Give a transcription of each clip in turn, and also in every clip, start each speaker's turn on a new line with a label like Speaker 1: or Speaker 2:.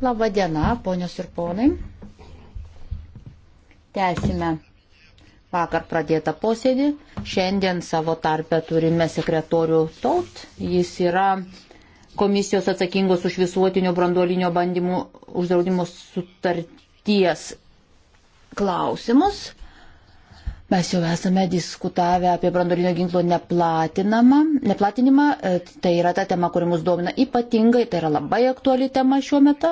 Speaker 1: Labą dieną, ponios ir ponai. Tęsime vakar pradėtą posėdį. Šiandien savo tarpę turime sekretorių Taut. Jis yra komisijos atsakingos už visuotinio branduolinio bandymų uždraudimo sutarties klausimus. Mes jau esame diskutavę apie brandolinio ginklo neplatinimą. E, tai yra ta tema, kuri mus domina ypatingai, tai yra labai aktuali tema šiuo metu.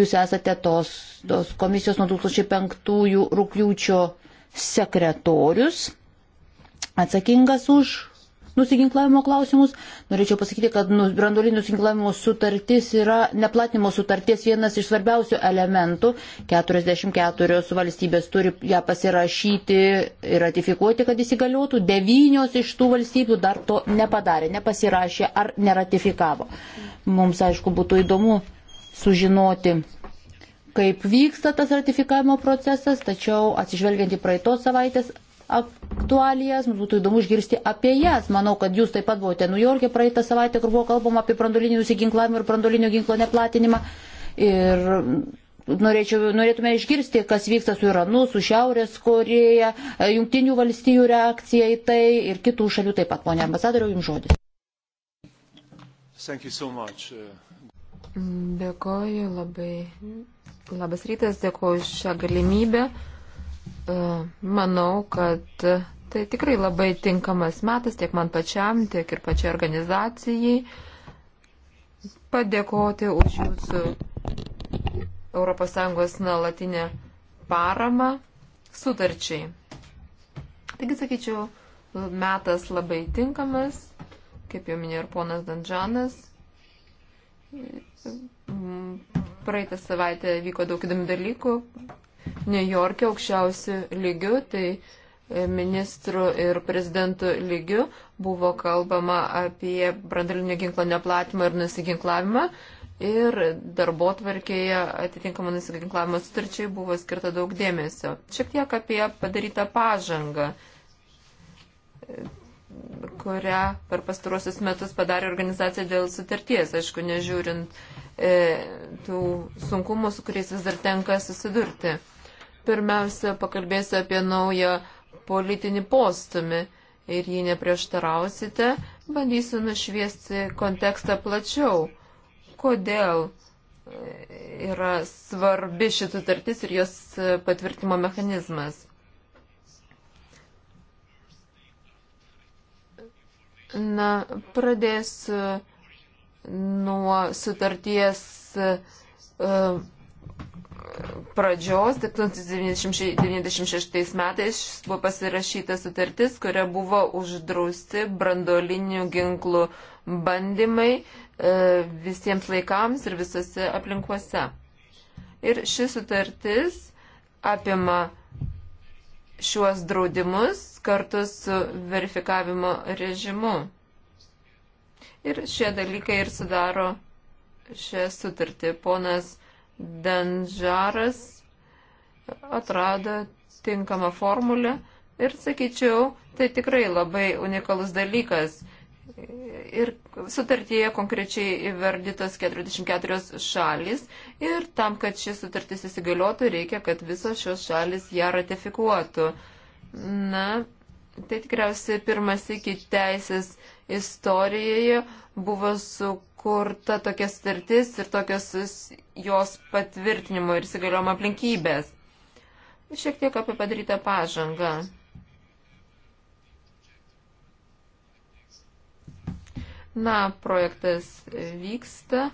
Speaker 1: Jūs esate tos, tos komisijos nuo 2005 rūpjūčio sekretorius, atsakingas už nusiginklavimo klausimus. Norėčiau pasakyti, kad nu, branduolinio nusiginklavimo sutartis yra neplatinimo sutarties vienas iš svarbiausių elementų. 44 valstybės turi ją pasirašyti ir ratifikuoti, kad įsigaliotų. Devynios iš tų valstybių dar to nepadarė, nepasirašė ar neratifikavo. Mums, aišku, būtų įdomu sužinoti kaip vyksta tas ratifikavimo procesas, tačiau atsižvelgiant į praeitos savaitės aktualijas, mums būtų įdomu išgirsti apie jas. Manau, kad jūs taip pat buvote New York'e praeitą savaitę, kur buvo kalbama apie brandolinį nusiginklavimą ir brandolinio ginklo neplatinimą. Ir norėčiau, norėtume išgirsti, kas vyksta su Iranu, su Šiaurės Koreja, jungtinių valstijų reakcija į tai ir kitų šalių taip pat. Pone ambasadoriau, jums žodis.
Speaker 2: So much. Uh,
Speaker 3: dėkoju labai. Labas rytas, dėkoju šią galimybę. E, manau, kad tai tikrai labai tinkamas metas tiek man pačiam, tiek ir pačiai organizacijai padėkoti už jūsų ES nuolatinę paramą sutarčiai. Taigi, sakyčiau, metas labai tinkamas, kaip jau minėjo ir ponas Danžanas. Praeitą savaitę vyko daug įdomių dalykų, New York'e aukščiausių lygių, tai e, ministrų ir prezidentų lygių buvo kalbama apie brandalinio ginklo neplatimą ir nusiginklavimą. Ir darbo tvarkėje atitinkama nusiginklavimo sutarčiai buvo skirta daug dėmesio. Šiek tiek apie padarytą pažangą kurią per pastaruosius metus padarė organizacija dėl sutarties, aišku, nežiūrint e, tų sunkumų, su kuriais vis dar tenka susidurti. Pirmiausia, pakalbėsiu apie naują politinį postumį ir jį neprieštarausite, bandysiu nušviesti kontekstą plačiau. Kodėl yra svarbi šitų tartis ir jos patvirtimo mechanizmas? Na, pradėsiu nuo sutarties uh, pradžios, 1996 metais buvo pasirašyta sutartis, kuria buvo uždrausti brandolinių ginklų bandymai e, visiems laikams ir visose aplinkuose. Ir ši sutartis apima šiuos draudimus kartu su verifikavimo režimu. Ir šie dalykai ir sudaro šią sutartį. Ponas Danžaras atrado tinkamą formulę ir, sakyčiau, tai tikrai labai unikalus dalykas. Ir sutartyje konkrečiai įvardytos 44 šalis ir tam, kad ši sutartis įsigaliotų, reikia, kad visos šios šalis ją ratifikuotų. Na, tai tikriausiai pirmas iki teisės istorijoje buvo su sukurta tokia sutartis ir tokios jos patvirtinimo ir įsigaliojimo aplinkybės. Šiek tiek apie padarytą pažangą. Na, projektas vyksta,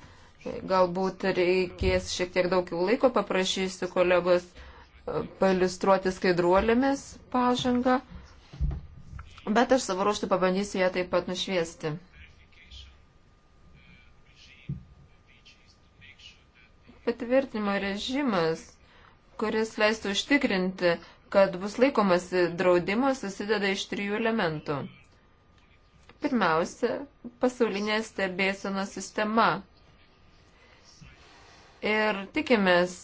Speaker 3: galbūt reikės šiek tiek daugiau laiko, paprašysiu kolegos e, palistruoti skaidruolėmis pažangą, bet aš savo ruoštų pabandysiu ją taip pat nušviesti. patvirtinimo režimas, kuris leistų užtikrinti, kad bus laikomasi draudimo, susideda iš trijų elementų. Pirmiausia, pasaulinė stebėsena sistema. Ir tikimės,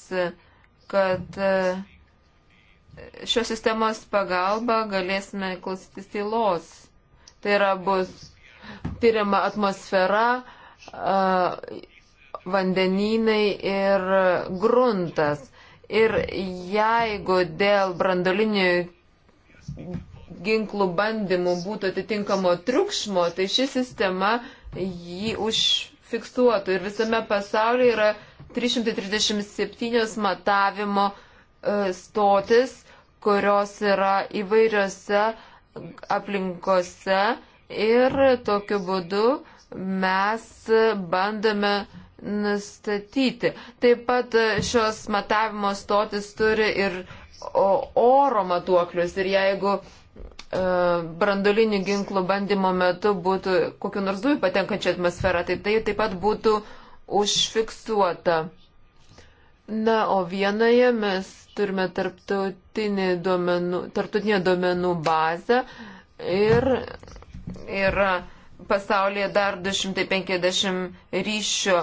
Speaker 3: kad e, šios sistemos pagalba galėsime klausytis tylos. Tai yra bus tyriama atmosfera, vandenynai ir gruntas. Ir jeigu dėl brandolinių ginklų bandymų būtų atitinkamo triukšmo, tai ši sistema jį užfiksuotų. Ir visame pasaulyje yra 337 matavimo e, stotis, kurios yra įvairiose aplinkose ir tokiu būdu mes bandome uh, nustatyti. Taip pat e, šios matavimo stotis turi ir oro matuoklius ir jeigu e, brandolinių ginklų bandymo metu būtų kokiu nors dujų patenkančia atmosfera, tai tai taip pat būtų užfiksuota. Na, o vienoje mes turime tarptautinį duomenų, tarptautinę duomenų bazę ir yra pasaulyje dar 250 ryšio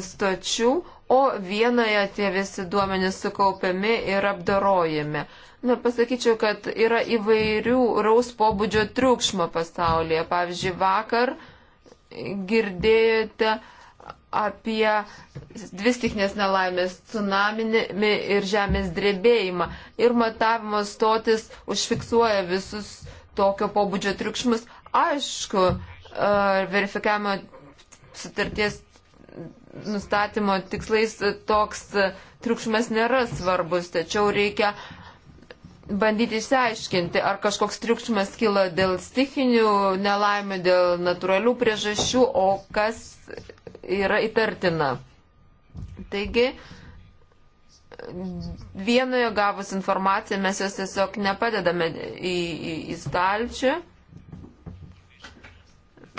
Speaker 3: stočių, o vienoje tie visi duomenys sukaupiami ir apdarojami. Na, pasakyčiau, kad yra įvairių raus pobūdžio triukšmo pasaulyje. Pavyzdžiui, vakar girdėjote apie dvi stiknės nelaimės - tsunaminį ir žemės drebėjimą. Ir matavimo stotis užfiksuoja visus tokio pobūdžio triukšmus. Aišku, e, verifikavimo sutarties nustatymo tikslais toks triukšmas nėra svarbus, tačiau reikia bandyti išsiaiškinti, ar kažkoks triukšmas kilo dėl stichinių nelaimių, dėl natūralių priežasčių, o kas yra įtartina. Taigi, vienoje gavus informaciją mes jos tiesiog nepadedame į, į, į stalčių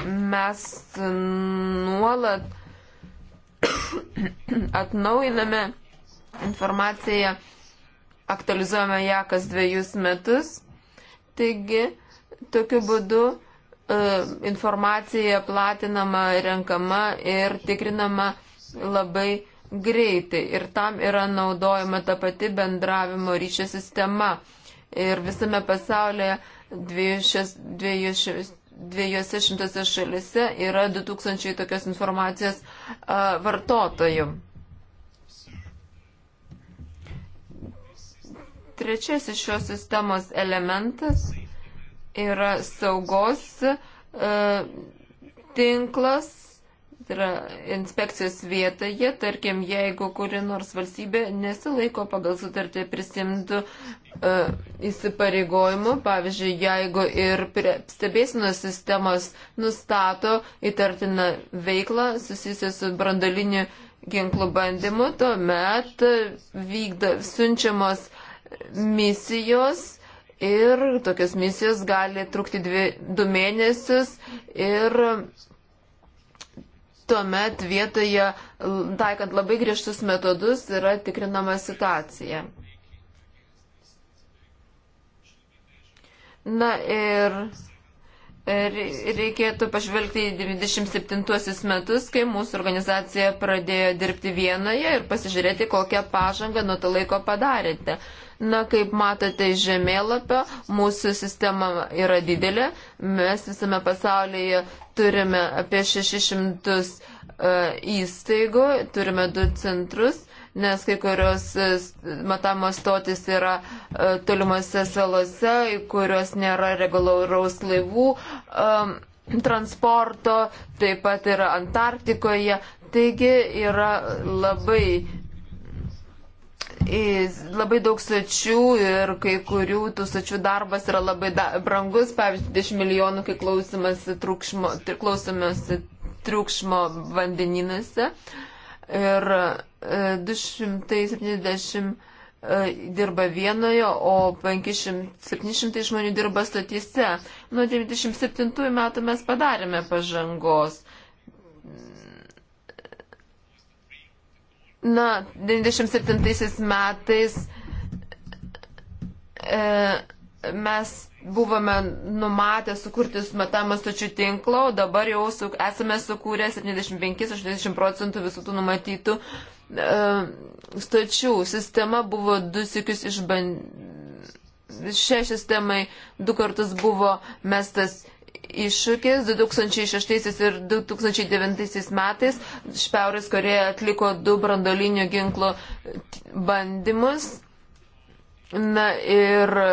Speaker 3: mes nuolat atnaujiname informaciją, aktualizuojame ją kas dviejus metus. Taigi, tokiu būdu e, informacija platinama, renkama ir tikrinama labai greitai. Ir tam yra naudojama ta pati bendravimo ryšio sistema. Ir visame pasaulyje 200 dviejose šimtose šalise yra 2000 tokios informacijos vartotojų. Trečiasis šios sistemos elementas yra saugos tinklas, tai yra inspekcijos vietoje, tarkim, jeigu kuri nors valstybė nesilaiko pagal sutartį prisimtų uh, įsipareigojimų, pavyzdžiui, jeigu ir stebėsinos sistemos nustato įtartiną veiklą susijusią su brandaliniu ginklų bandymu, tuomet vykda siunčiamos misijos ir tokios misijos gali trukti dvi, du mėnesius ir tuomet vietoje, taikant labai griežtus metodus, yra tikrinama situacija. Na ir Reikėtų pažvelgti į 97 metus, kai mūsų organizacija pradėjo dirbti vienoje ir pasižiūrėti, kokią pažangą nuo to laiko padarėte. Na, kaip matote iš žemėlapio, mūsų sistema yra didelė. Mes visame pasaulyje turime apie 600 e, įstaigų, turime du centrus nes kai kurios e, matamos stotis yra e, tolimuose salose, kurios nėra reguliaraus laivų um, transporto, taip pat yra Antarktikoje. Taigi yra labai labai daug sačių ir kai kurių tų sačių darbas yra labai da brangus, pavyzdžiui, 10 milijonų, kai klausimasi triukšmo, triukšmo vandeninėse. Uh, ir 270 e, e, dirba vienoje, o 500-700 žmonių dirba stotyse. Nuo 97 metų mes padarėme pažangos. Na, 97 metais e, mes buvome numatę sukurti sumetamą stočių tinklą, o dabar jau su, esame sukūrę 75-80 procentų visų tų numatytų e, stočių. Sistema buvo du sikius išbandyti. Šiai sistemai du kartus buvo mestas iššūkis 2006 ir 2009 metais Šiaurės Koreja atliko du brandolinių ginklų bandymus Na ir e,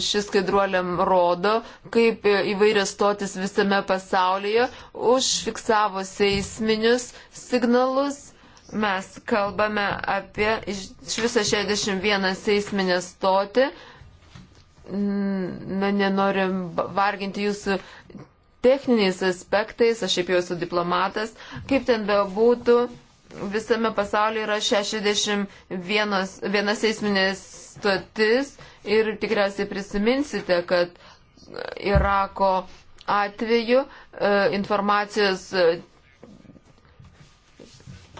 Speaker 3: šis skaidruolėm rodo, kaip įvairias stotis visame pasaulyje užfiksavo seisminius signalus. Mes kalbame apie iš viso 61 seisminę stotį. Na, nenorim varginti jūsų techniniais aspektais, aš šiaip jau esu diplomatas, kaip ten bebūtų. būtų visame pasaulyje yra 61 seisminės stotis ir tikriausiai prisiminsite, kad Irako atveju e, informacijos e,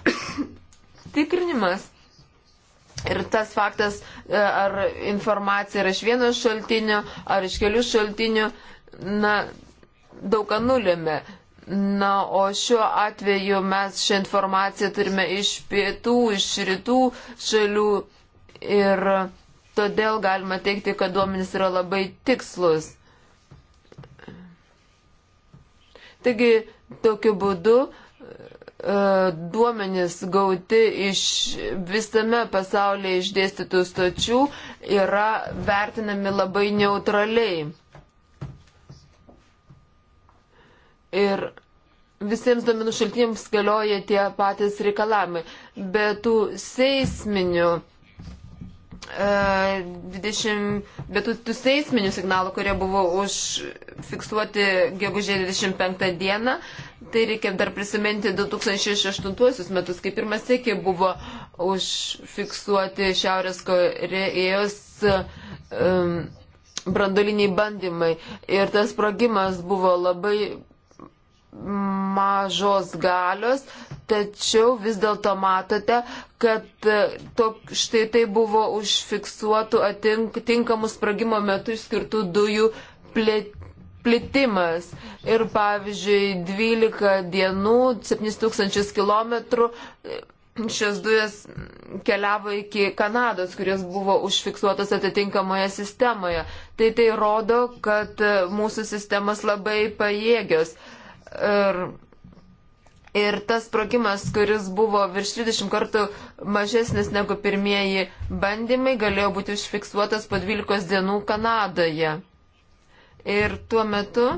Speaker 3: tikrinimas Ir tas faktas, e, ar informacija yra iš vieno šaltinio, ar iš kelių šaltinių, na, daug ką nulėmė. Na, o šiuo atveju mes šią informaciją turime iš pietų, iš rytų šalių ir todėl galima teikti, kad duomenys yra labai tikslus. Taigi, tokiu būdu e, duomenys gauti iš visame pasaulyje išdėstytų stočių yra vertinami labai neutraliai. Ir visiems duomenų šaltiniams galioja tie patys reikalavimai. Be tų seisminių. E, 20, bet tų, tų seisminių signalų, kurie buvo užfiksuoti gegužė 25 dieną, tai reikia dar prisiminti 2008 metus, kai pirmas sėkiai buvo užfiksuoti Šiaurės Korejos um, e, brandoliniai bandymai. Ir tas sprogimas buvo labai mažos galios, tačiau vis dėlto matote, kad e, to, štai tai buvo užfiksuotų atitinkamų sprogimo metu išskirtų dujų plitimas. Ir pavyzdžiui, 12 dienų, 7000 km e, šios dujas keliavo iki Kanados, kurios buvo užfiksuotos atitinkamoje sistemoje. Tai tai rodo, kad e, mūsų sistemas labai pajėgios. Ir, ir tas sprogimas, kuris buvo virš 30 kartų mažesnis negu pirmieji bandymai, galėjo būti užfiksuotas po 12 dienų Kanadoje. Ir tuo metu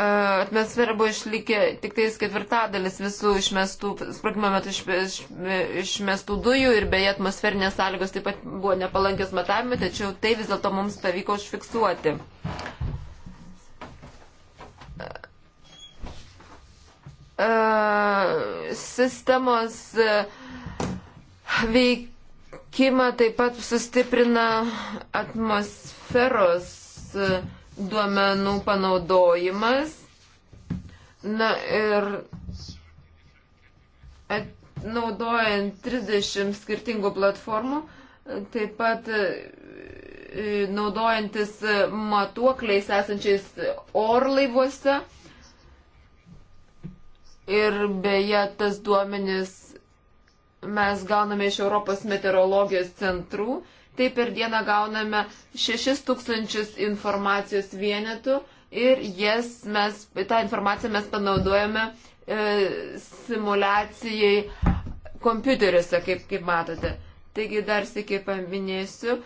Speaker 3: atmosfera buvo išlikę tik tais ketvirtadalis visų išmestų, sprogimo metu iš, iš, išmestų dujų ir beje atmosferinės sąlygos taip pat buvo nepalankios matavimui, tačiau tai vis dėlto mums pavyko užfiksuoti. Sistemos veikimą taip pat sustiprina atmosferos uh, duomenų panaudojimas. Na ir naudojant 30 skirtingų platformų, taip pat e, e, naudojantis matuokliais esančiais orlaivuose. Ir beje, tas duomenis mes gauname iš Europos meteorologijos centrų. Taip per dieną gauname 6000 informacijos vienetų ir jas mes, tą informaciją mes panaudojame e, simulacijai kompiuteriuose, kaip, kaip matote. Taigi dar sėkiai paminėsiu,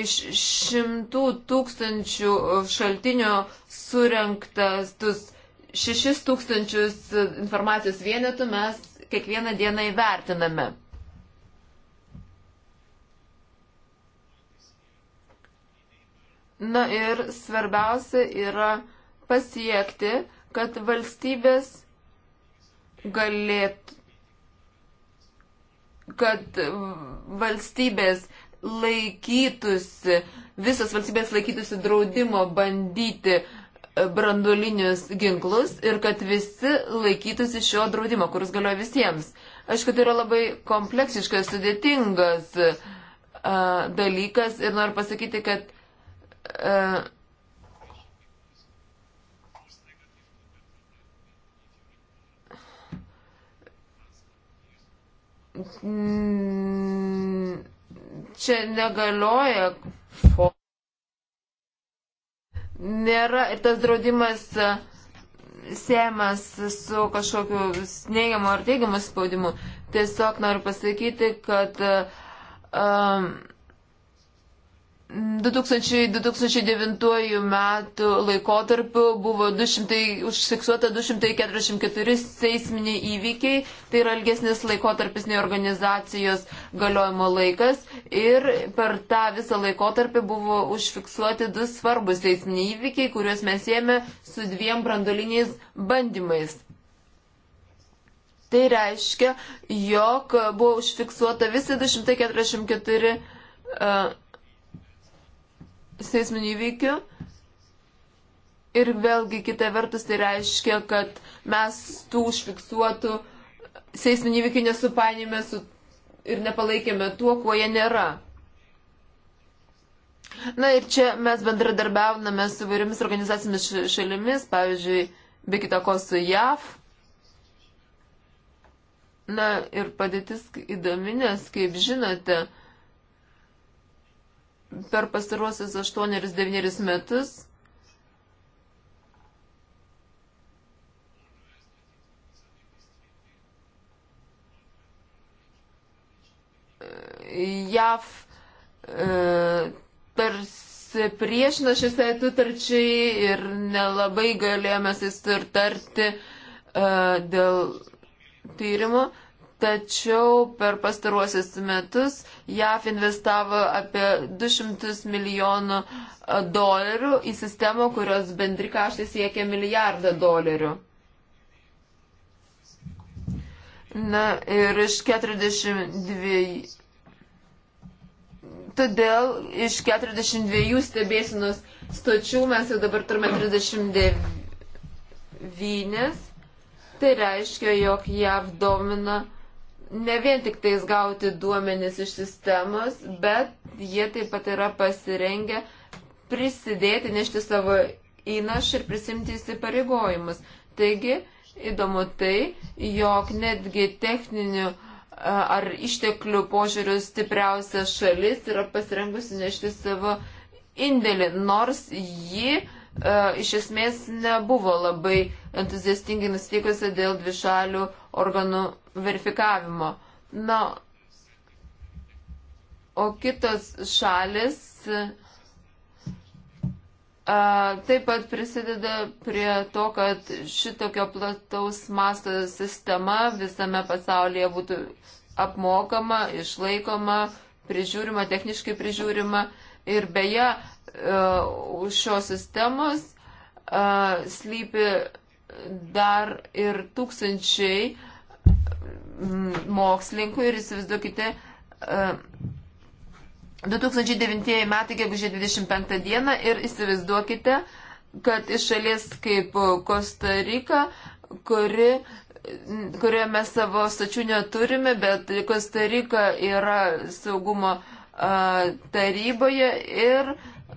Speaker 3: iš šimtų tūkstančių šaltinių surinktas tus šešis tūkstančius informacijos vienetų mes kiekvieną dieną įvertiname. Na ir svarbiausia yra pasiekti, kad valstybės galėtų kad valstybės laikytųsi, visas valstybės laikytųsi draudimo bandyti e, brandolinius ginklus ir kad visi laikytųsi šio draudimo, kuris galioja visiems. Aišku, tai yra labai kompleksiškas, sudėtingas a, e, dalykas ir noriu pasakyti, kad Uh, čia negalioja. Nėra ir tas draudimas e, siejamas su kažkokiu neigiamu ar teigiamu spaudimu. Tiesiog noriu pasakyti, kad um, 2009 metų laikotarpiu buvo 200, užfiksuota 244 seisminiai įvykiai, tai yra ilgesnis laikotarpis nei organizacijos galiojimo laikas ir per tą visą laikotarpį buvo užfiksuoti du svarbus seisminiai įvykiai, kuriuos mes ėmė su dviem brandoliniais bandymais. Tai reiškia, jog buvo užfiksuota visi 244 uh, seisminių įvykių. Ir vėlgi kita vertus tai reiškia, kad mes tų užfiksuotų seisminių įvykių nesupainėme su, ir nepalaikėme tuo, kuo jie nėra. Na ir čia mes bendradarbiavome su vairiomis organizacijomis šalimis, pavyzdžiui, be kitako su JAV. Na ir padėtis įdomi, nes, kaip žinote, per pastaruosius 8-9 metus JAV e, tarsi priešino šitai atitarčiai ir nelabai galėjome susitarti e, dėl tyrimo tačiau per pastaruosius metus JAF investavo apie 200 milijonų e, dolerių į sistemą, kurios bendri kaštai siekia milijardą dolerių. Na ir iš 42. Todėl iš 42 stebėsinos stočių mes jau dabar turime 39. Tai reiškia, jog JAV domina uh, ne vien tik tais gauti duomenis iš sistemos, bet jie taip pat yra pasirengę prisidėti, nešti savo įnašą ir prisimti įsipareigojimus. Taigi, įdomu tai, jog netgi techninių ar išteklių požiūrių stipriausia šalis yra pasirengusi nešti savo indėlį, nors ji uh, iš esmės nebuvo labai entuziastingai nusteikusi dėl dvišalių uh, organų verifikavimo. Na, o kitos šalis a, taip pat prisideda prie to, kad šitokio plataus masto sistema visame pasaulyje būtų apmokama, išlaikoma, prižiūrima, techniškai prižiūrima. Ir beje, e, už šios sistemos a, slypi dar ir tūkstančiai mm, mokslininkų ir įsivaizduokite, 2009 e, metai, gegužė 25 dieną ir įsivaizduokite, kad iš šalies kaip Kostarika, kuri kurioje mes savo stačių neturime, bet Kostarika yra saugumo a, e, taryboje ir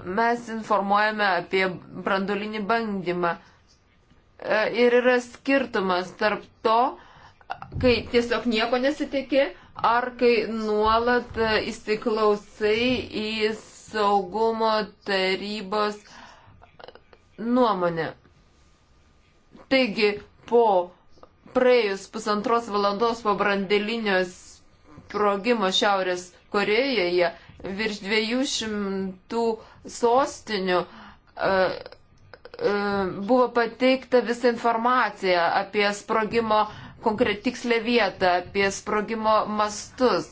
Speaker 3: mes informuojame apie brandulinį bandymą. A, E, ir yra skirtumas tarp to, kai tiesiog nieko nesitikė, ar kai nuolat e, įsiklausai į saugumo tarybos nuomonę. Taigi, po praėjus pusantros valandos po brandelinio sprogimo Šiaurės Korejoje virš 200 sostinių uh, E, buvo pateikta visa informacija apie sprogimo konkretikslę vietą, apie sprogimo mastus.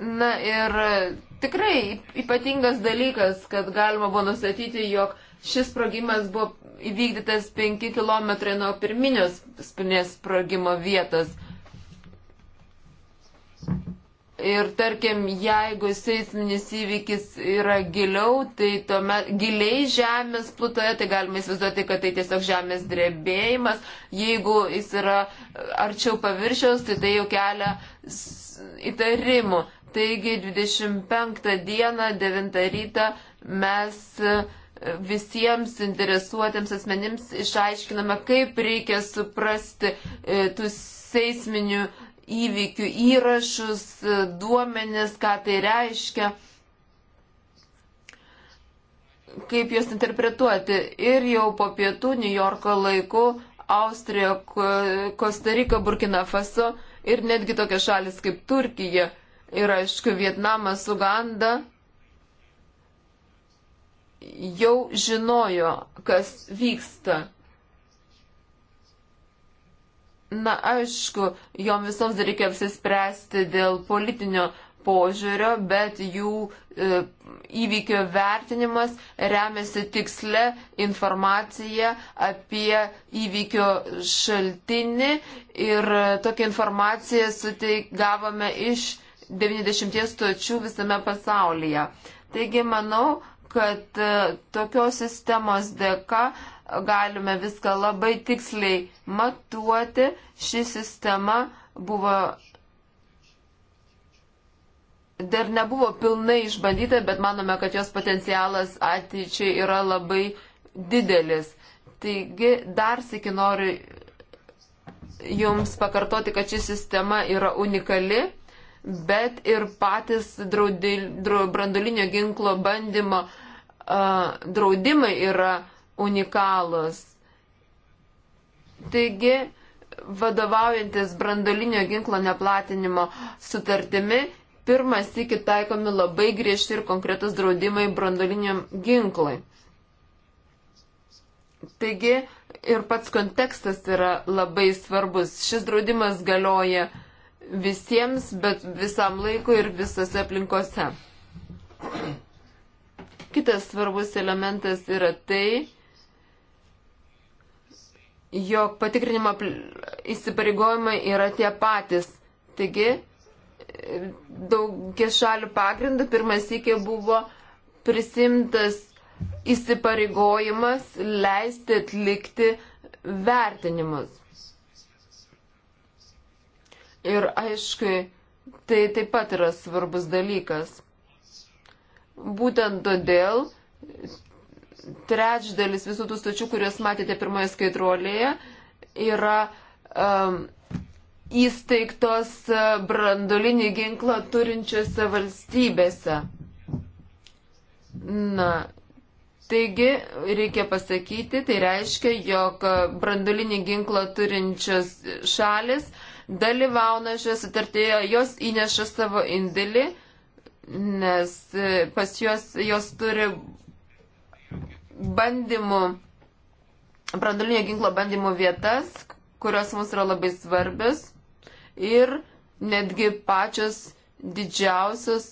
Speaker 3: Na ir tikrai ypatingas dalykas, kad galima buvo nustatyti, jog šis sprogimas buvo įvykdytas 5 km nuo pirminės sprogimo vietos. Ir tarkim, jeigu seisminis įvykis yra giliau, tai tuomet giliai žemės plutoje, tai galima įsivaizduoti, kad tai tiesiog žemės drebėjimas. Jeigu jis yra arčiau paviršiaus, tai tai jau kelia įtarimų. Taigi 25 dieną, 9 rytą mes visiems interesuotiems asmenims išaiškiname, kaip reikia suprasti e, tų seisminių įvykių įrašus, duomenis, ką tai reiškia, kaip juos interpretuoti. Ir jau po pietų New Yorko laiku Austrija, Kostarika, Burkina Faso ir netgi tokios šalis kaip Turkija ir aišku Vietnamas, Uganda jau žinojo, kas vyksta. Na, aišku, jom visoms reikia apsispręsti dėl politinio požiūrio, bet jų e, įvykio vertinimas remiasi tiksle informacija apie įvykio šaltinį ir tokią informaciją suteik, gavome iš 90 stočių visame pasaulyje. Taigi manau, kad e, tokios sistemos dėka e, galime viską labai tiksliai matuoti. Ši sistema buvo. Dar nebuvo pilnai išbandyta, bet manome, kad jos potencialas ateičiai yra labai didelis. Taigi dar sėki noriu Jums pakartoti, kad ši sistema yra unikali, bet ir patys draudi, dra, brandulinio ginklo bandymo uh, draudimai yra unikalus. Taigi, vadovaujantis brandolinio ginklo neplatinimo sutartimi, pirmas iki taikomi labai griežti ir konkretus draudimai brandoliniam ginklui. Taigi ir pats kontekstas yra labai svarbus. Šis draudimas galioja visiems, bet visam laikui ir visose aplinkose. Kitas svarbus elementas yra tai, jog patikrinimo įsipareigojimai yra tie patys. Taigi, daugia šalių pagrindų pirmas iki buvo prisimtas įsipareigojimas leisti atlikti vertinimus. Ir aišku, tai taip pat yra svarbus dalykas. Būtent todėl trečdalis visų tų stočių, kuriuos matėte pirmoje skaitruolėje, yra um, įsteigtos uh, brandolinį ginklą turinčiose valstybėse. Na, taigi, reikia pasakyti, tai reiškia, jog uh, brandolinį ginklą turinčios šalis dalyvauna šioje sutartėje, jos įneša savo indėlį, nes uh, pas juos jos turi bandymų, brandalinio ginklo bandymų vietas, kurios mums yra labai svarbios ir netgi pačios didžiausios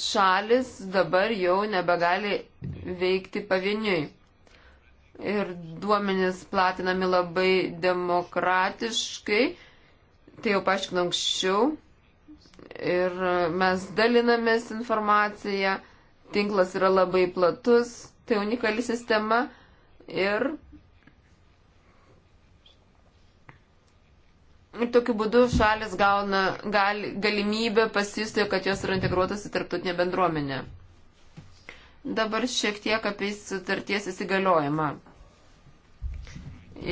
Speaker 3: šalis dabar jau nebegali veikti pavieniui. Ir duomenys platinami labai demokratiškai, tai jau paaiškinau anksčiau. Ir mes dalinamės informaciją tinklas yra labai platus, tai unikali sistema ir, ir tokiu būdu šalis gauna gal, galimybę pasijusti, kad jos yra integruotas į tarptautinę bendruomenę. Dabar šiek tiek apie sutarties įsigaliojimą.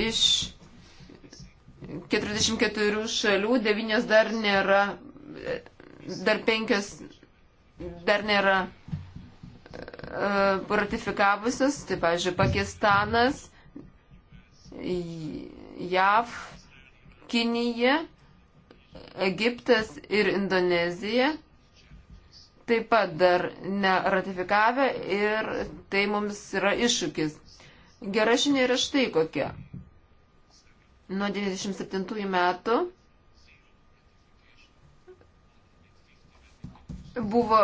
Speaker 3: Iš 44 šalių 9 dar nėra, dar 5 dar nėra E, ratifikavusius, tai pavyzdžiui, Pakistanas, JAV, Kinija, Egiptas ir Indonezija taip pat dar neratifikavę ir tai mums yra iššūkis. Gera žinia yra štai kokia. Nuo 97 metų buvo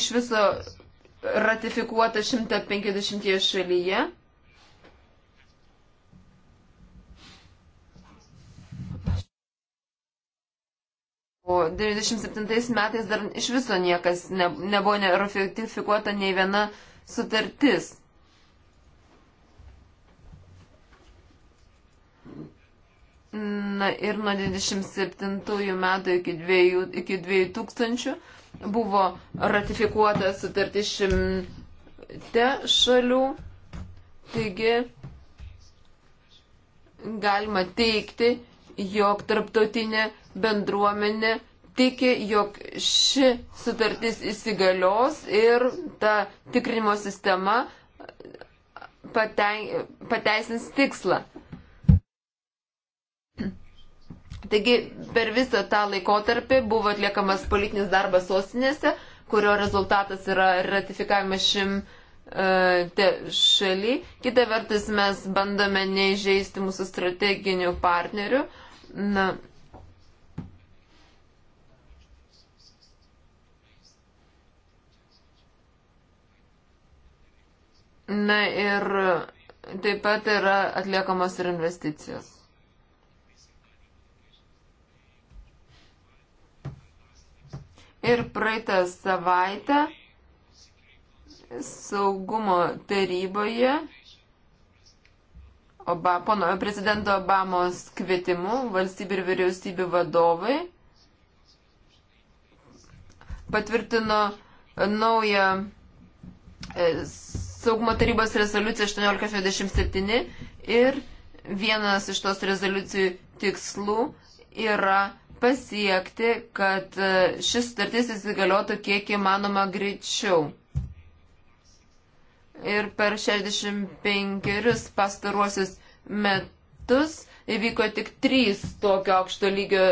Speaker 3: iš viso ratifikuota 150 šalyje. O 97 metais dar iš viso niekas ne, nebuvo ratifikuota nei viena sutartis. Na ir nuo 27 metų iki, dviejų, iki 2000 buvo ratifikuota sutartis šimte šalių. Taigi galima teikti, jog tarptautinė bendruomenė tiki, jog ši sutartis įsigalios ir ta tikrinimo sistema pateisins tikslą. Taigi per visą tą laikotarpį buvo atliekamas politinis darbas sostinėse, kurio rezultatas yra ratifikavimas šim uh, šaly. Kita vertus mes bandome neižeisti mūsų strateginių partnerių. Na. Na ir taip pat yra atliekamos ir investicijos. Ir praeitą savaitę saugumo taryboje Oba, pono, prezidento Obamos kvietimu valstybių ir vyriausybių vadovai patvirtino naują e, saugumo tarybos rezoliuciją 1827 ir vienas iš tos rezoliucijų tikslų yra pasiekti, kad e, šis sutartis įsigaliotų kiek įmanoma greičiau. Ir per 65 pastaruosius metus įvyko tik trys tokio aukšto lygio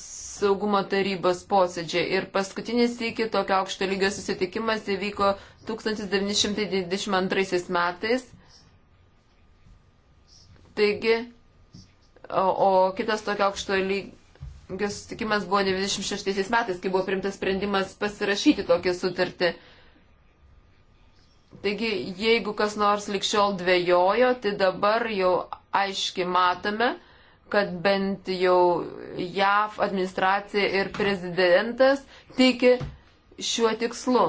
Speaker 3: saugumo tarybos posėdžiai. Ir paskutinis iki tokio aukšto lygio susitikimas įvyko 1922 metais. Taigi, o, o kitas tokio aukšto lygio sutikimas buvo 96 metais, kai buvo primtas sprendimas pasirašyti tokią sutartį. Taigi, jeigu kas nors likščiol dvėjojo, tai dabar jau aiškiai matome, kad bent jau JAV administracija ir prezidentas tiki šiuo tikslu.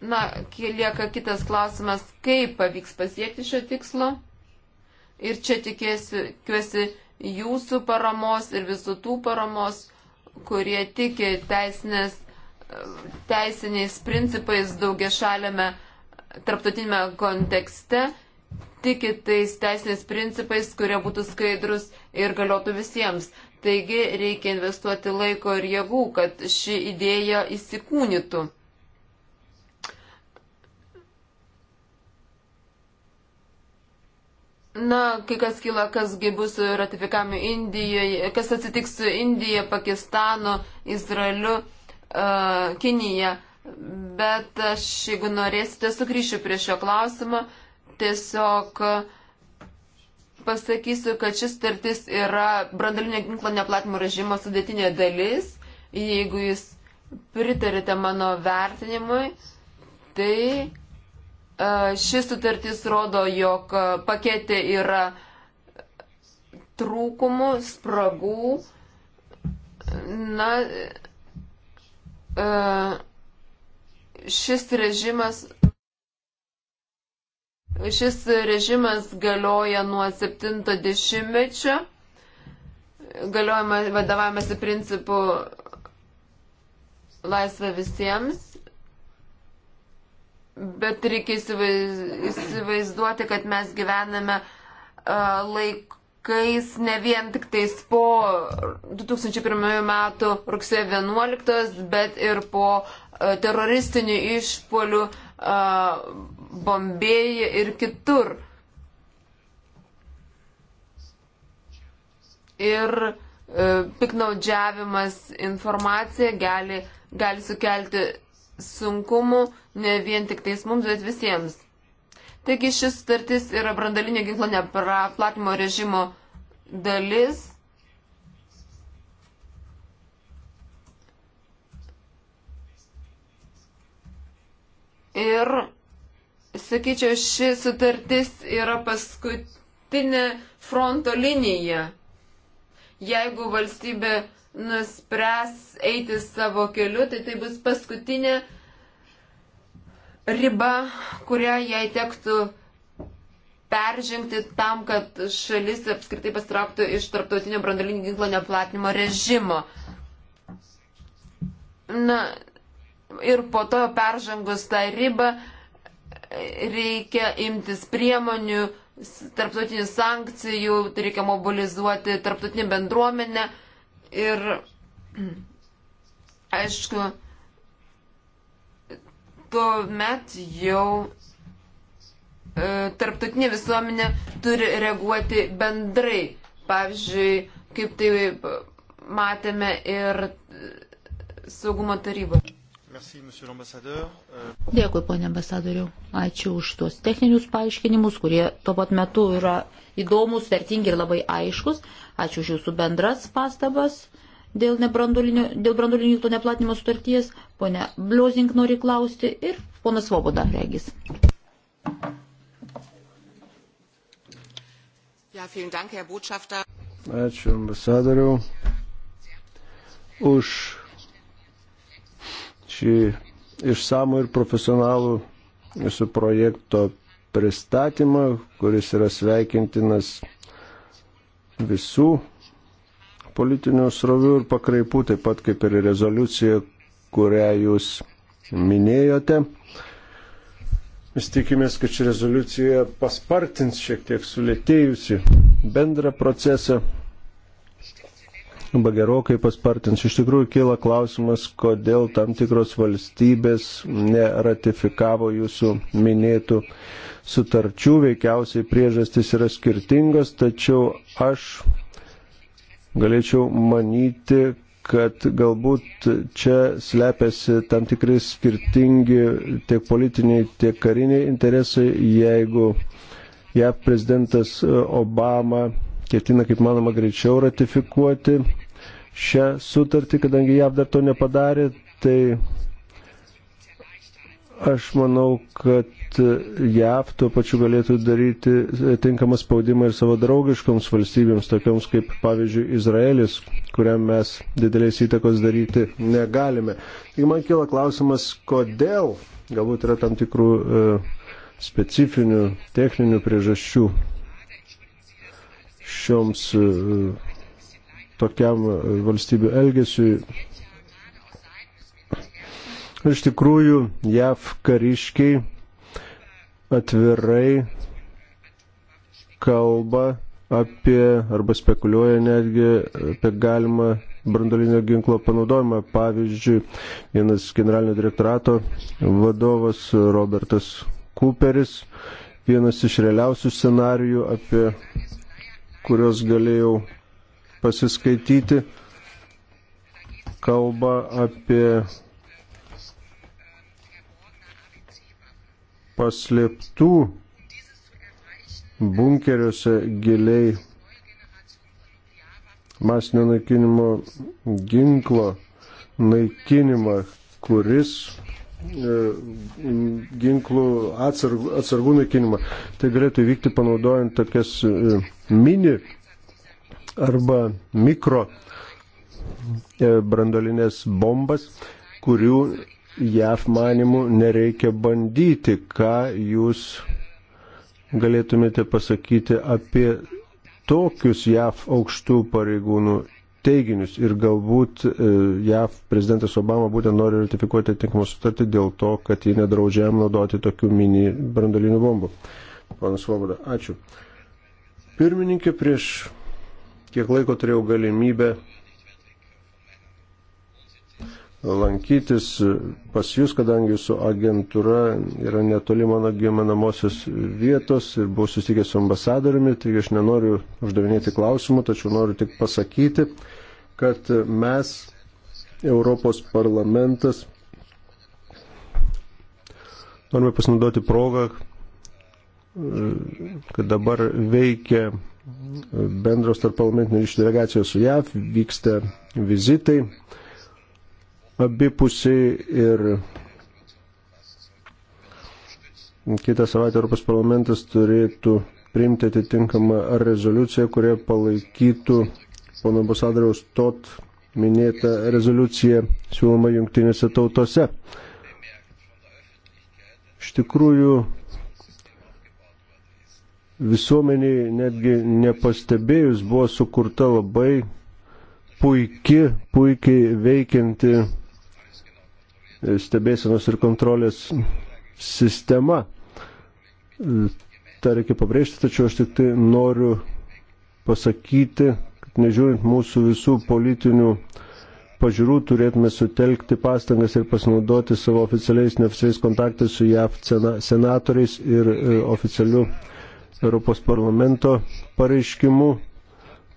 Speaker 3: Na, lieka kitas klausimas, kaip pavyks pasiekti šio tikslo. Ir čia tikėsiu, tikiuosi jūsų paramos ir visų tų paramos, kurie tiki teisinės, teisiniais principais daugia šalėme tarptautinėme kontekste, tiki tais teisiniais principais, kurie būtų skaidrus ir galiotų visiems. Taigi reikia investuoti laiko ir jėgų, kad ši idėja įsikūnytų. Na, kai kas kyla, kasgi bus ratifikami Indijoje, kas atsitiks su Indija, Pakistanu, Izraeliu, uh, Kinija. Bet aš, jeigu norėsite, sugrįšiu prie šio klausimo. Tiesiog pasakysiu, kad šis tartis yra brandalinio ginklo neplatimo režimo sudėtinė dalis. Jeigu jūs pritarite mano vertinimui, tai Šis sutartis rodo, jog pakete yra trūkumų, spragų. Na, šis režimas. Šis režimas galioja nuo 70-mečio, galiojama vadovavimasi principu laisvė visiems bet reikia įsivaizduoti, kad mes gyvename e, laikais ne vien tik tais po 2001 metų rugsėjo 11, bet ir po e, teroristinių išpolių e, Bombėje ir kitur. Ir e, piknaudžiavimas informacija gali, gali sukelti sunkumų ne vien tik tais mums, bet visiems. Taigi šis sutartis yra brandalinio ginklo nepratimo režimo dalis. Ir, sakyčiau, ši sutartis yra paskutinė fronto linija. Jeigu valstybė nuspręs eiti savo keliu, tai tai bus paskutinė fronto linija riba, kurią jai tektų peržengti tam, kad šalis apskritai pastrauktų iš tarptautinio brandalinio ginklo neplatinimo režimo. Na, ir po to peržengus tą ribą reikia imtis priemonių, tarptautinių sankcijų, tai reikia mobilizuoti tarptautinį bendruomenę ir, aišku, tuomet jau e, tarptautinė visuomenė turi reaguoti bendrai. Pavyzdžiui, kaip tai matėme ir saugumo taryboje. Euh,
Speaker 1: Dėkui, ponė ambasadoriu. Ačiū už tuos techninius paaiškinimus, kurie tuo pat metu yra įdomus, vertingi ir labai aiškus. Ačiū už jūsų bendras pastabas dėl, dėl branduolinio ginklo neplatinimo sutarties. Pone Bliozink nori klausti ir ponas Svoboda regis.
Speaker 3: Ja, dank,
Speaker 2: Ačiū ambasadoriau už šį išsamų ir profesionalų jūsų projekto pristatymą, kuris yra sveikintinas visų politinių srovių ir pakraipų, taip pat kaip ir rezoliucija, kurią jūs minėjote. Mes tikimės, kad ši rezoliucija paspartins šiek tiek sulėtėjusi bendrą procesą, arba gerokai paspartins. Iš tikrųjų kyla klausimas, kodėl tam tikros valstybės neratifikavo jūsų minėtų sutarčių. Veikiausiai priežastys yra skirtingos, tačiau aš galėčiau manyti, kad galbūt čia slepiasi tam tikri skirtingi tiek politiniai, tiek kariniai interesai, jeigu JAV prezidentas Obama ketina, kaip manoma, greičiau ratifikuoti šią sutartį, kadangi JAV dar to nepadarė, tai Aš manau, kad JAV tuo pačiu galėtų daryti tinkamą spaudimą ir savo draugiškoms valstybėms, tokioms kaip pavyzdžiui Izraelis, kuriam mes didelės įtakos daryti negalime. Tik man kyla klausimas, kodėl galbūt yra tam tikrų e, specifinių techninių priežasčių šioms e, tokiam valstybių elgesiui Iš tikrųjų, JAV kariškiai atvirai kalba apie arba spekuliuoja netgi apie galimą brandolinio ginklo panaudojimą. Pavyzdžiui, vienas generalinio direktorato vadovas Robertas Cooperis, vienas iš realiausių scenarijų, apie kuriuos galėjau pasiskaityti, kalba apie paslėptų bunkeriuose giliai masinio naikinimo ginklo naikinimą, kuris e, ginklų atsargų, atsargų naikinimą. Tai galėtų įvykti panaudojant tokias e, mini arba mikro e, brandolinės bombas, kurių JAF manimų nereikia bandyti. Ką jūs galėtumėte pasakyti apie tokius JAF aukštų pareigūnų teiginius ir galbūt e, JAV prezidentas Obama būtent nori ratifikuoti atitinkamą sutartį dėl to, kad jie nedraudžiam naudoti tokių mini brandolinių bombų. Panas Svoboda, ačiū. Pirmininkė, prieš kiek laiko turėjau galimybę lankytis pas jūs, kadangi jūsų agentūra yra netoli mano gyvenamosios vietos ir buvau susitikęs su ambasadoriumi, taigi aš nenoriu uždavinėti klausimų, tačiau noriu tik pasakyti, kad mes, Europos parlamentas, norime pasinaudoti progą, kad dabar veikia bendros tarp parlamentinių ryšių delegacijos su JAV, vyksta vizitai abipusiai ir kitą savaitę Europos parlamentas turėtų priimti atitinkamą rezoliuciją, kurie palaikytų pono ambasadoriaus tot minėtą rezoliuciją siūloma jungtinėse tautose. Iš tikrųjų, visuomeniai netgi nepastebėjus buvo sukurta labai puiki, puikiai veikianti stebėsenos ir kontrolės sistema. Ta reikia pabrėžti, tačiau aš tik tai noriu pasakyti, kad nežiūrint mūsų visų politinių pažiūrų turėtume sutelkti pastangas ir pasinaudoti savo oficialiais, neoficialiais kontaktais su JAV senatoriais ir e, oficialiu Europos parlamento pareiškimu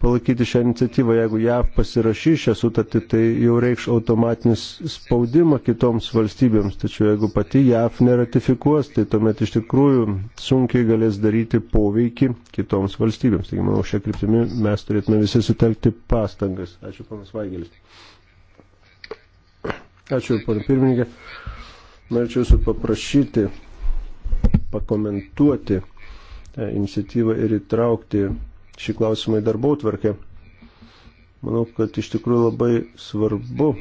Speaker 2: palaikyti šią iniciatyvą. Jeigu JAV pasirašys šią sutartį, tai jau reikš automatinis spaudimą kitoms valstybėms. Tačiau jeigu pati JAV neratifikuos, tai tuomet iš tikrųjų sunkiai galės daryti poveikį kitoms valstybėms. Taigi, manau, šią kryptimį mes turėtume visi sutelkti pastangas. Ačiū, panas Vaigelis. Ačiū, pana pirmininkė. Norėčiau jūsų paprašyti, pakomentuoti iniciatyvą ir įtraukti šį klausimą į darbų tvarkę. Manau, kad iš tikrųjų labai svarbu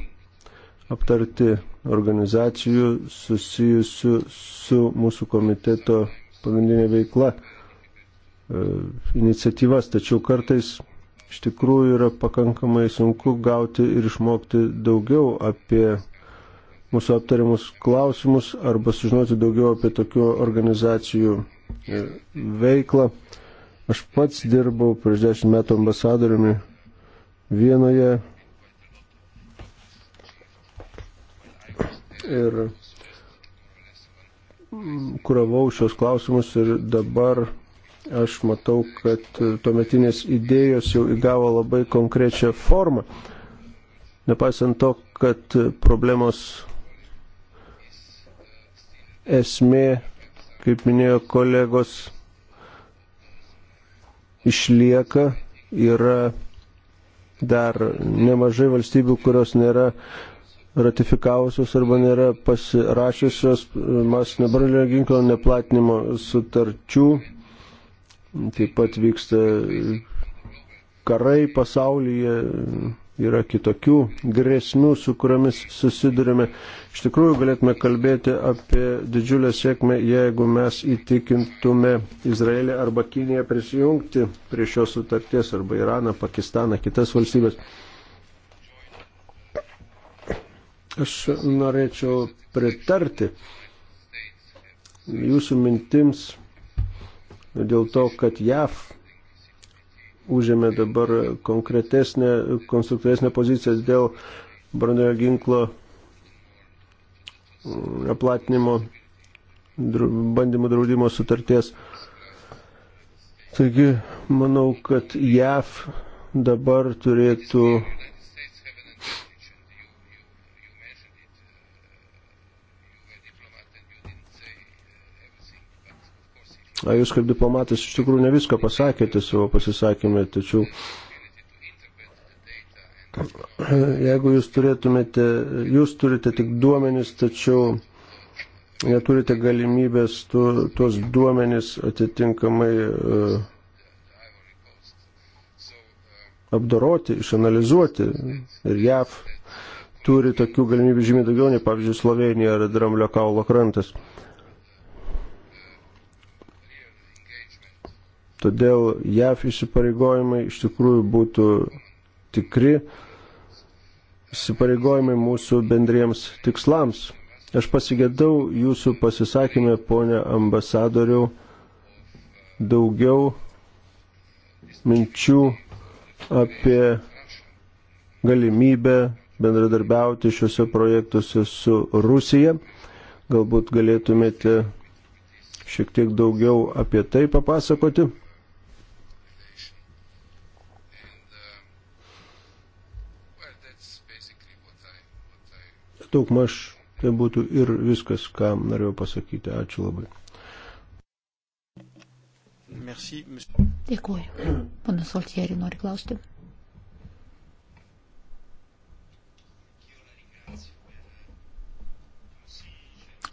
Speaker 2: aptarti organizacijų susijusių su mūsų komiteto pagrindinė veikla, e, iniciatyvas, tačiau kartais iš tikrųjų yra pakankamai sunku gauti ir išmokti daugiau apie mūsų aptariamus klausimus arba sužinoti daugiau apie tokių organizacijų e, veiklą. Aš pats dirbau prieš dešimt metų ambasadoriumi Vienoje ir kuravau šios klausimus ir dabar aš matau, kad tuometinės idėjos jau įgavo labai konkrečią formą. Nepaisant to, kad problemos esmė, kaip minėjo kolegos, išlieka, yra dar nemažai valstybių, kurios nėra ratifikavusios arba nėra pasirašiusios masinio branduolinio ginklo neplatinimo sutarčių. Taip pat vyksta karai pasaulyje, yra kitokių grėsmių, su kuriamis susidurime. Iš tikrųjų galėtume kalbėti apie didžiulę sėkmę, jeigu mes įtikintume Izraelį arba Kiniją prisijungti prie šios sutarties, arba Iraną, Pakistaną, kitas valstybės. Aš norėčiau pritarti jūsų mintims dėl to, kad JAV užėmė dabar konkretesnę, konstruktyvesnę poziciją dėl brandojo ginklo mm, aplatinimo bandymų draudimo sutarties. Taigi, manau, kad JAV dabar turėtų Jūs kaip diplomatas iš tikrųjų ne viską pasakėte savo pasisakymę, tačiau jeigu jūs turėtumėte, jūs turite tik duomenis, tačiau neturite galimybės tu, tuos duomenis atitinkamai uh, apdoroti, išanalizuoti. Ir JAV turi tokių galimybių žymiai daugiau nei, pavyzdžiui, Slovenija ar Dramblio kaulo krantas. Todėl JAF įsipareigojimai iš tikrųjų būtų tikri įsipareigojimai mūsų bendriems tikslams. Aš pasigėdau jūsų pasisakymę, ponė ambasadoriau, daugiau minčių apie galimybę bendradarbiauti šiuose projektuose su Rusija. Galbūt galėtumėte šiek tiek daugiau apie tai papasakoti. Daugmaž tai būtų ir viskas, ką norėjau pasakyti. Ačiū labai.
Speaker 3: Merci,
Speaker 1: Dėkuoju. Panas Soltieri nori klausti.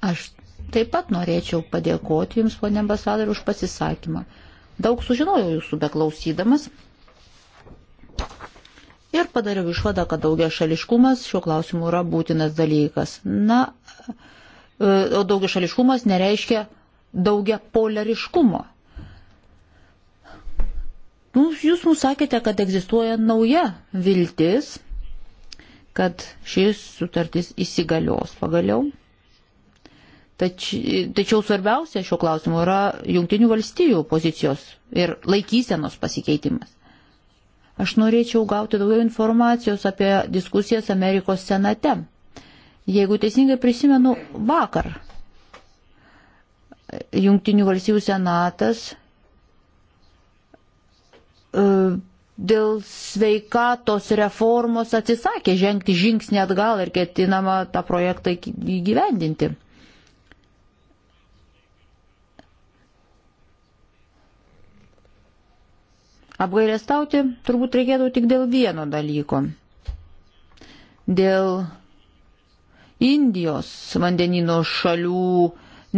Speaker 1: Aš taip pat norėčiau padėkoti Jums, ponė ambasadoriu, už pasisakymą. Daug sužinojau Jūsų beklausydamas ir padariau išvadą, kad daugia šališkumas šiuo klausimu yra būtinas dalykas. Na, e, o daugia šališkumas nereiškia daugia polariškumo. Nu, jūs mums sakėte, kad egzistuoja nauja viltis, kad šis sutartis įsigalios pagaliau. Tač, tačiau svarbiausia šiuo klausimu yra jungtinių valstijų pozicijos ir laikysenos pasikeitimas. Aš norėčiau gauti daugiau informacijos apie diskusijas Amerikos senate. Jeigu teisingai prisimenu, vakar Junktinių valstybių senatas e, dėl sveikatos reformos atsisakė žengti žingsnį atgal ir ketinama tą projektą įgyvendinti. Apgailestauti turbūt reikėtų tik dėl vieno dalyko. Dėl Indijos vandenino šalių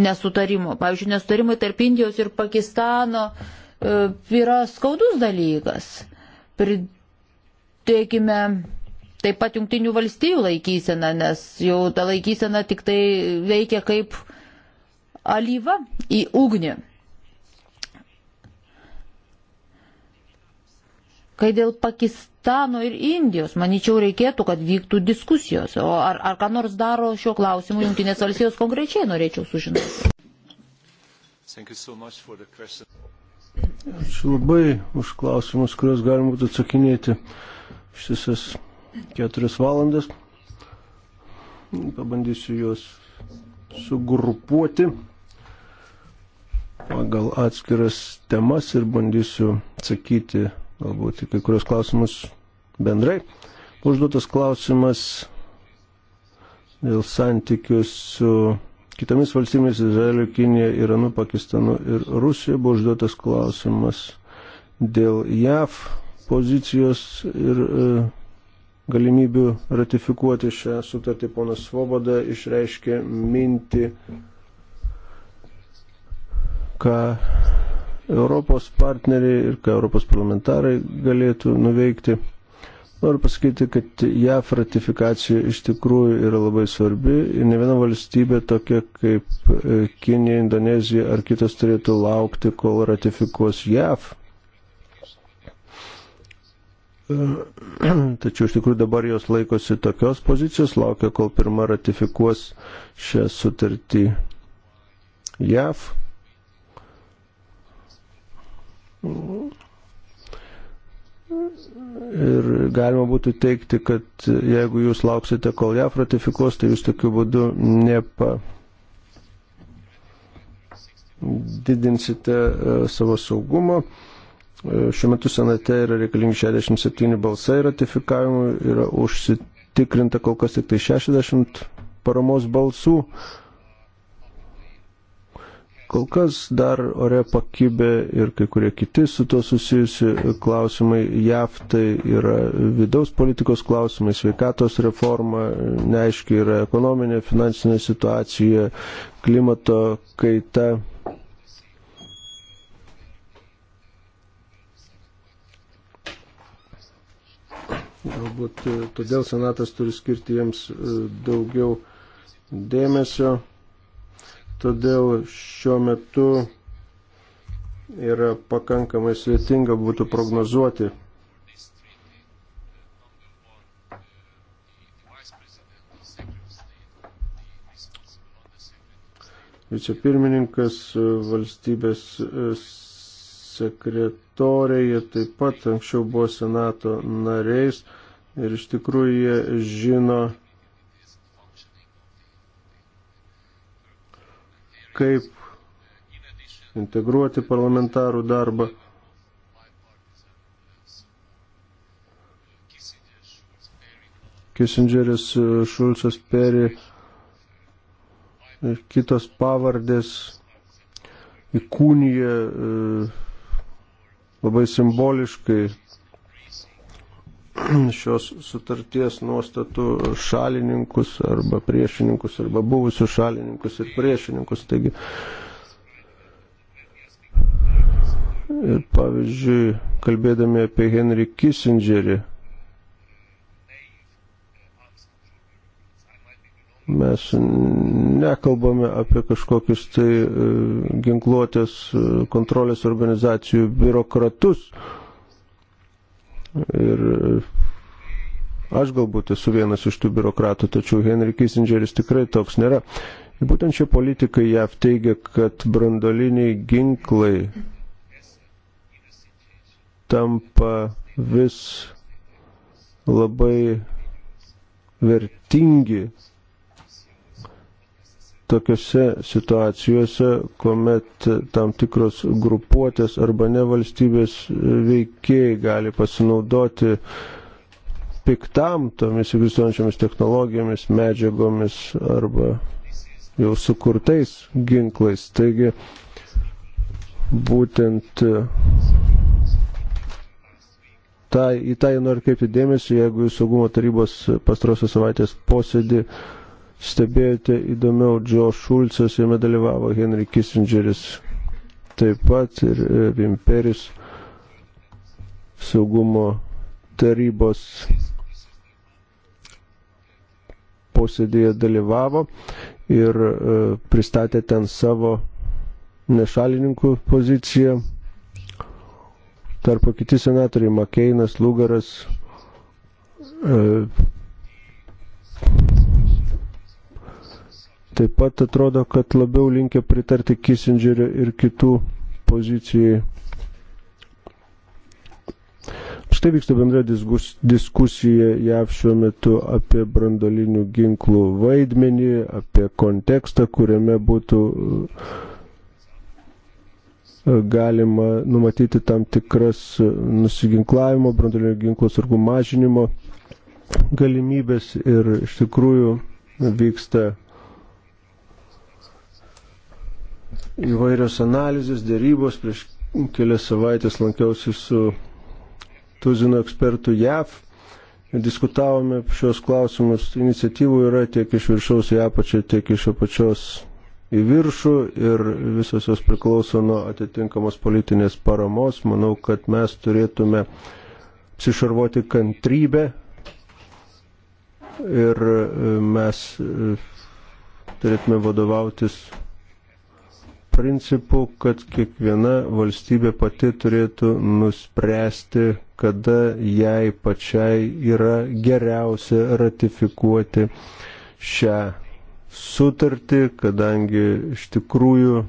Speaker 1: nesutarimo. Pavyzdžiui, nesutarimai tarp Indijos ir Pakistano e, yra skaudus dalykas. Pridėkime taip pat jungtinių valstybių laikyseną, nes jau ta laikysena tik tai veikia kaip alyva į ugnį. Kai dėl Pakistano ir Indijos, manyčiau, reikėtų, kad vyktų diskusijos. O ar, ar ką nors daro šiuo klausimu
Speaker 2: Junktinės valstijos konkrečiai, norėčiau sužinoti. So Ačiū labai už klausimus, kuriuos galima būtų atsakinėti šisas keturias valandas. Pabandysiu juos sugrupuoti pagal atskiras temas ir bandysiu atsakyti galbūt kai kurios klausimus bendrai. Užduotas klausimas dėl santykių su kitomis valstybėmis Izraeliu, Kinija, Iranu, Pakistanu ir Rusija buvo užduotas klausimas dėl JAV pozicijos ir e, galimybių ratifikuoti šią sutartį. Ponas Svoboda išreiškė mintį, ką Europos partneriai ir ką Europos parlamentarai galėtų nuveikti. Noriu pasakyti, kad JAF ratifikacija iš tikrųjų yra labai svarbi ir ne viena valstybė tokia kaip e, Kinija, Indonezija ar kitos turėtų laukti, kol ratifikuos JAF. E, tačiau iš tikrųjų dabar jos laikosi tokios pozicijos, laukia, kol pirma ratifikuos šią sutartį JAF. Ir galima būtų teikti, kad jeigu jūs lauksite, kol JAF ratifikuos, tai jūs tokiu būdu nepa didinsite e, savo saugumo. E, šiuo metu senate yra reikalingi 67 balsai ratifikavimui, yra užsitikrinta kol kas tik tai 60 paramos balsų. Kol kas dar ore pakibė ir kai kurie kiti su to susijusi klausimai. JAV tai yra vidaus politikos klausimai, sveikatos reforma, neaiškiai yra ekonominė, finansinė situacija, klimato kaita. Galbūt e, todėl senatas turi skirti jiems e, daugiau dėmesio. Todėl šiuo metu yra pakankamai sudėtinga būtų prognozuoti. Vicepirmininkas valstybės sekretoriai, jie taip pat anksčiau buvo senato nariais ir iš tikrųjų jie žino kaip integruoti parlamentarų darbą. Kissingeris, Šulcas, Peri ir kitos pavardės įkūnyje labai simboliškai šios sutarties nuostatų šalininkus arba priešininkus arba buvusius šalininkus ir priešininkus. Taigi, ir pavyzdžiui, kalbėdami apie Henry Kissingerį, mes nekalbame apie kažkokius tai e, ginkluotės e, kontrolės organizacijų biurokratus, Ir e, aš galbūt esu vienas iš tų biurokratų, tačiau Henry Kissingeris tikrai toks nėra. Ir būtent šie politikai JAV teigia, kad brandoliniai ginklai tampa vis labai vertingi tokiuose situacijose, kuomet tam tikros grupuotės arba nevalstybės veikėjai gali pasinaudoti piktam tomis egzistuojančiomis technologijomis, medžiagomis arba jau sukurtais ginklais. Taigi būtent tą, tai, į tą tai noriu kreipti dėmesį, jeigu jūs saugumo tarybos pastarosios savaitės posėdį stebėjote įdomiau, Džo Šulcas, jame dalyvavo Henry Kissingeris, taip pat ir Vimperis e, saugumo tarybos posėdėje dalyvavo ir e, pristatė ten savo nešalininkų poziciją. Tarpo kiti senatoriai Makeinas, Lugaras, e, taip pat atrodo, kad labiau linkia pritarti Kissingerio ir kitų pozicijai. Štai vyksta bendra diskusija JAV šiuo metu apie brandolinių ginklų vaidmenį, apie kontekstą, kuriame būtų e, galima numatyti tam tikras e, nusiginklavimo, brandolinių ginklų sargų mažinimo galimybės ir iš tikrųjų vyksta įvairios analizės, dėrybos. Prieš kelias savaitės lankiausi su tuzino ekspertų JAV ir diskutavome šios klausimus. Iniciatyvų yra tiek iš viršaus į apačią, tiek iš apačios į viršų ir visos jos priklauso nuo atitinkamos politinės paramos. Manau, kad mes turėtume apsišarvoti kantrybę ir e, mes e, turėtume vadovautis principu, kad kiekviena valstybė pati turėtų nuspręsti, kada jai pačiai yra geriausia ratifikuoti šią sutartį, kadangi iš tikrųjų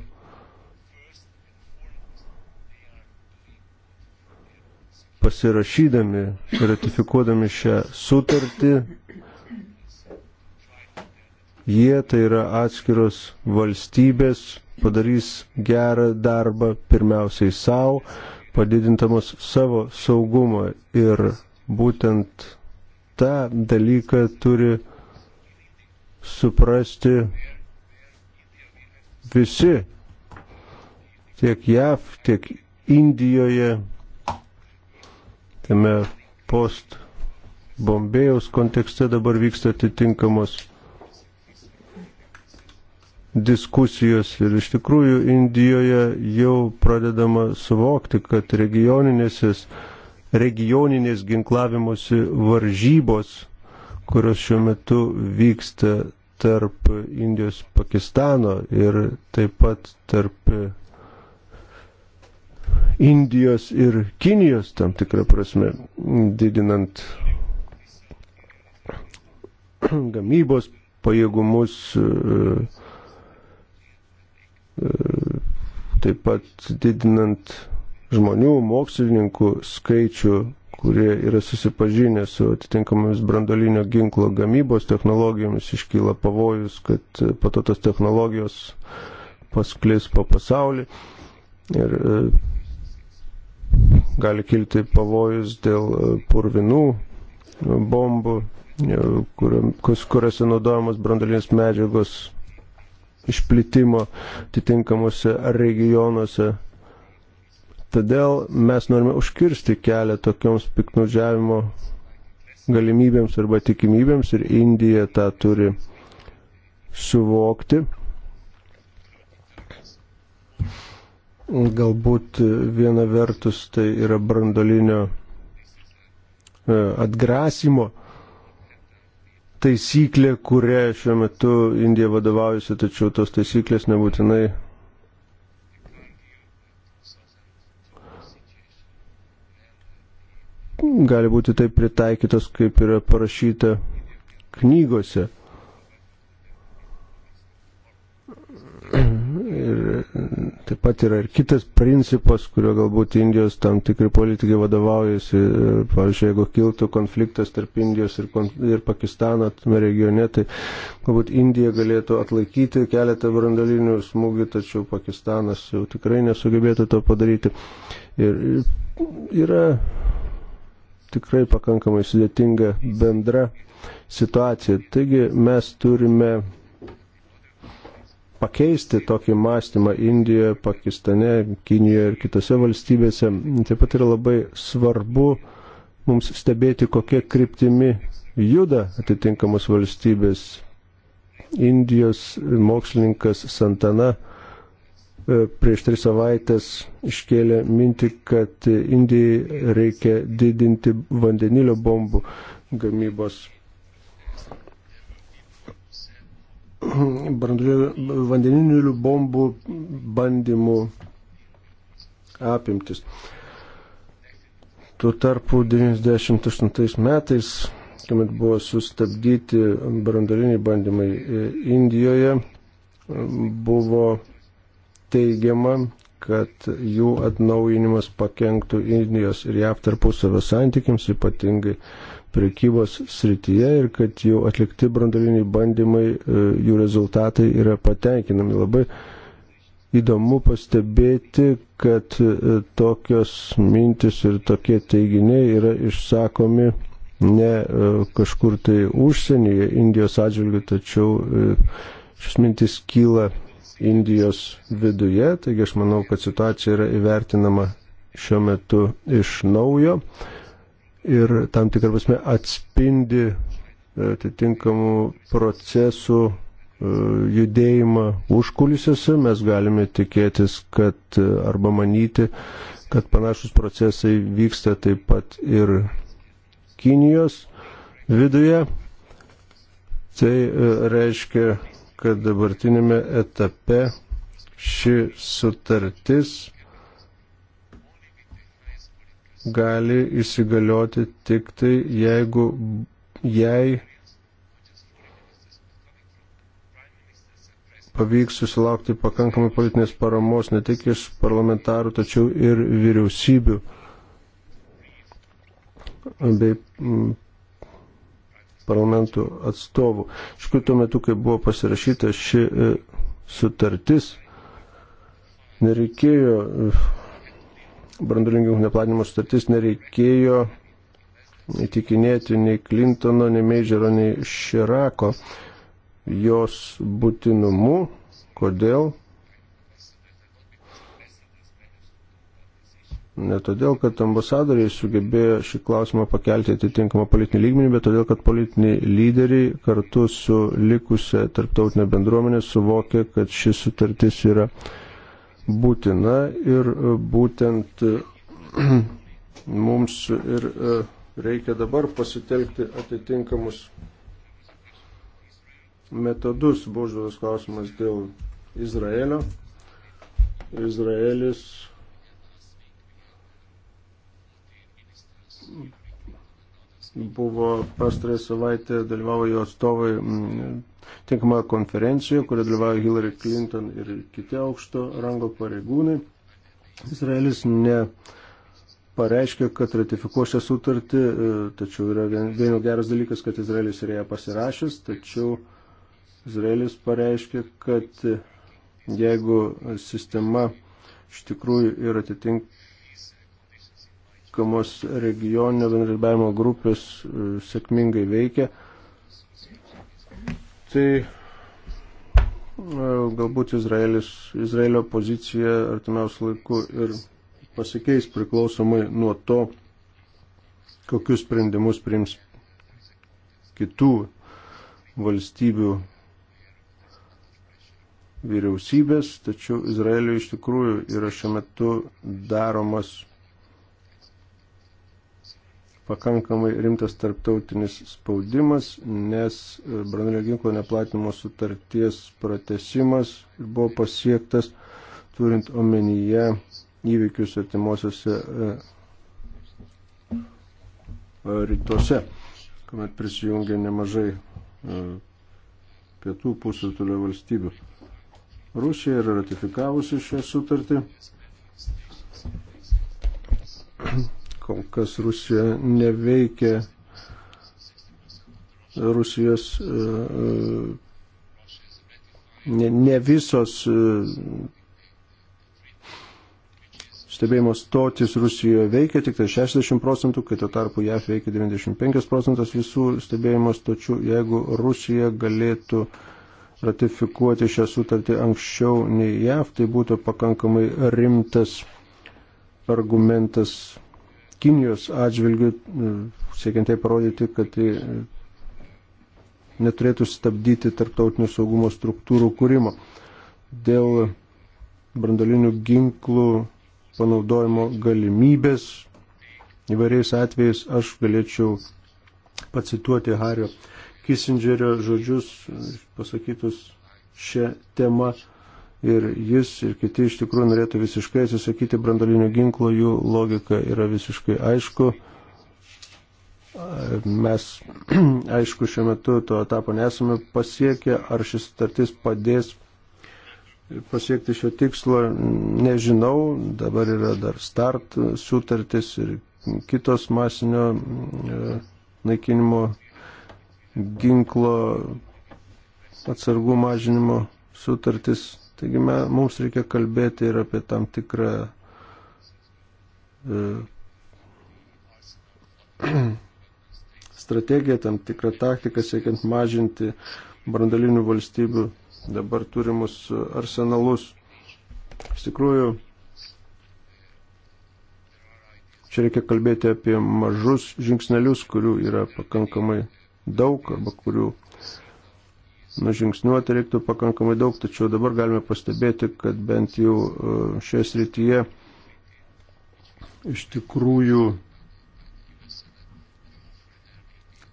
Speaker 2: pasirašydami, ratifikuodami šią sutartį, jie tai yra atskiros valstybės padarys gerą darbą pirmiausiai savo, padidintamos savo saugumą ir būtent tą dalyką turi suprasti visi tiek JAV, tiek Indijoje, tame post Bombėjaus kontekste dabar vyksta atitinkamos diskusijos ir iš tikrųjų Indijoje jau pradedama suvokti, kad regioninės, regioninės ginklavimuose varžybos, kurios šiuo metu vyksta tarp Indijos Pakistano ir taip pat tarp Indijos ir Kinijos tam tikrą prasme, didinant gamybos pajėgumus, e, taip pat didinant žmonių, mokslininkų skaičių, kurie yra susipažinę su atitinkamomis brandolinio ginklo gamybos technologijomis, iškyla pavojus, kad po to tos technologijos pasklis po pasaulį ir e, gali kilti pavojus dėl e, purvinų bombų, e, kuriuose naudojamos brandolinės medžiagos išplitimo atitinkamuose regionuose. Todėl mes norime užkirsti kelią tokioms piknaudžiavimo galimybėms arba tikimybėms ir Indija tą turi suvokti. Galbūt viena vertus tai yra brandolinio e, atgrasimo taisyklė, kuria šiuo metu Indija vadovaujasi, tačiau tos taisyklės nebūtinai gali būti taip pritaikytos, kaip yra parašyta knygose taip pat yra ir kitas principas, kurio galbūt Indijos tam tikri politikai vadovaujasi. Pavyzdžiui, jeigu kiltų konfliktas tarp Indijos ir, ir Pakistano tame regione, tai galbūt Indija galėtų atlaikyti keletą brandalinių smūgių, tačiau Pakistanas jau tikrai nesugebėtų to padaryti. Ir yra tikrai pakankamai sudėtinga bendra situacija. Taigi mes turime pakeisti tokį mąstymą Indijoje, Pakistane, Kinijoje ir kitose valstybėse. Taip pat yra labai svarbu mums stebėti, kokie kryptimi juda atitinkamos valstybės. Indijos mokslininkas Santana e, prieš tris savaitės iškėlė mintį, kad Indijai reikia didinti vandenilio bombų gamybos vandeninių bombų bandymų apimtis. Tuo tarpu 98 metais, kuomet buvo sustabdyti brandoliniai bandymai e, Indijoje, buvo teigiama, kad jų atnaujinimas pakenktų Indijos ir JAV tarpusavio santykiams, ypatingai uh, prekybos srityje ir kad jau atlikti brandaliniai bandymai, e, jų rezultatai yra patenkinami. Labai įdomu pastebėti, kad e, tokios mintis ir tokie teiginiai yra išsakomi ne e, kažkur tai užsienyje Indijos atžvilgių, tačiau šis mintis kyla Indijos viduje, taigi aš manau, kad situacija yra įvertinama šiuo metu iš naujo ir tam tikrą prasme atspindi e, atitinkamų procesų e, judėjimą užkulisiuose, mes galime tikėtis, kad e, arba manyti, kad panašus procesai vyksta taip pat ir Kinijos viduje. Tai reiškia, kad dabartinėme etape ši sutartis gali įsigalioti tik tai, jeigu jai pavyks susilaukti pakankamai politinės paramos ne tik iš parlamentarų, tačiau ir vyriausybių bei mm, parlamentų atstovų. Iš tikrųjų, tuo metu, kai buvo pasirašyta ši e, sutartis, nereikėjo e, brandulinių neplatinimo sutartis nereikėjo įtikinėti nei Klintono, nei Meidžero, nei Širako jos būtinumu. Kodėl? Ne todėl, kad ambasadoriai sugebėjo šį klausimą pakelti atitinkamą politinį lygmenį, bet todėl, kad politiniai lyderiai kartu su likusia tarptautinė bendruomenė suvokė, kad šis sutartis yra uh, būtina ir e, būtent e, mums ir e, reikia dabar pasitelkti atitinkamus metodus. Buvo užduotas klausimas dėl Izraelio. Izraelis buvo pastarąją savaitę dalyvavo jo atstovai tinkamoje konferencijoje, kurioje dalyvauja Hillary Clinton ir kiti aukšto rango pareigūnai. Izraelis ne pareiškia, kad ratifikuos šią sutartį, e, tačiau yra vien, vien jau geras dalykas, kad Izraelis yra ją pasirašęs, tačiau Izraelis pareiškia, kad jeigu sistema iš tikrųjų yra atitinkamos regioninio bendradarbiavimo grupės e, sėkmingai veikia, tai e, galbūt Izraelis, Izraelio pozicija artimiausiu laiku ir pasikeis priklausomai nuo to, kokius sprendimus priims kitų valstybių vyriausybės, tačiau Izraeliui iš tikrųjų yra šiuo metu daromas pakankamai rimtas tarptautinis spaudimas, nes e, branduolinio ginklo neplatinimo sutarties pratesimas buvo pasiektas turint omenyje įvykius artimuosiuose e, rytuose, kuomet prisijungė nemažai e, pietų pusėtulio valstybių. Rusija yra ratifikavusi šią sutartį kol kas Rusija neveikia Rusijos e, e, ne, ne visos e, stebėjimo stotis Rusijoje veikia tik tai 60 procentų, kai tuo tarpu JAF veikia 95 procentas visų stebėjimo stočių. Jeigu Rusija galėtų ratifikuoti šią sutartį anksčiau nei JAF, tai būtų pakankamai rimtas argumentas Kinijos atžvilgių, e, siekiantai parodyti, kad tai e, neturėtų stabdyti tarptautinio saugumo struktūrų kūrimo. Dėl brandolinių ginklų panaudojimo galimybės įvairiais atvejais aš galėčiau pacituoti Hario Kissingerio žodžius pasakytus šią temą ir jis ir kiti iš tikrųjų norėtų visiškai atsisakyti brandalinių ginklų, jų logika yra visiškai aišku. Mes, aišku, šiuo metu to etapo nesame pasiekę, ar šis startis padės pasiekti šio tikslo, nežinau, dabar yra dar start sutartis ir kitos masinio e, naikinimo ginklo atsargų mažinimo sutartis Taigi mums reikia kalbėti ir apie tam tikrą e, strategiją, tam tikrą taktiką, siekiant mažinti brandalinių valstybių dabar turimus arsenalus. Iš tikrųjų, čia reikia kalbėti apie mažus žingsnelius, kurių yra pakankamai daug arba kurių nužingsniuoti reiktų pakankamai daug, tačiau dabar galime pastebėti, kad bent jau e, šioje srityje iš tikrųjų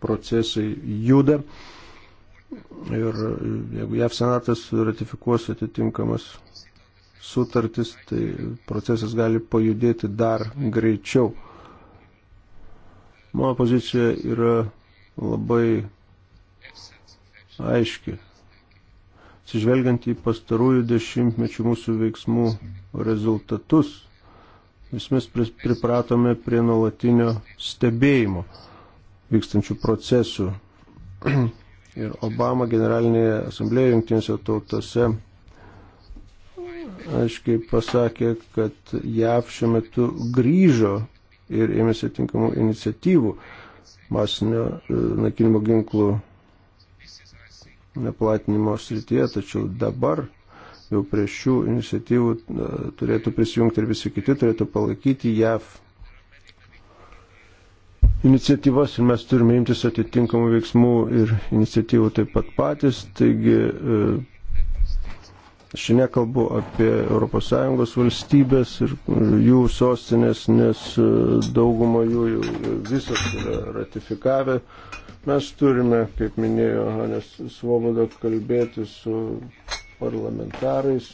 Speaker 2: procesai juda. Ir e, jeigu JAV senatas ratifikuos atitinkamas sutartis, tai procesas gali pajudėti dar greičiau. Mano pozicija yra labai aiški. Sižvelgiant į pastarųjų dešimtmečių mūsų veiksmų rezultatus, vis mes pripratome prie nuolatinio stebėjimo vykstančių procesų. Ir Obama generalinėje asamblėje jungtinėse tautose aiškiai pasakė, kad JAV šiuo metu grįžo ir ėmėsi tinkamų iniciatyvų masinio e, naikinimo ginklų platinimo srityje, tačiau dabar jau prie šių iniciatyvų e, turėtų prisijungti ir visi kiti, turėtų palaikyti JAV iniciatyvas ir mes turime imtis atitinkamų veiksmų ir iniciatyvų taip pat patys. Taigi e, Aš nekalbu apie ES valstybės ir jų sostinės, nes e, dauguma jų jau visos yra ratifikavę. Mes turime, kaip minėjo Hanes Svoboda, kalbėti su parlamentarais,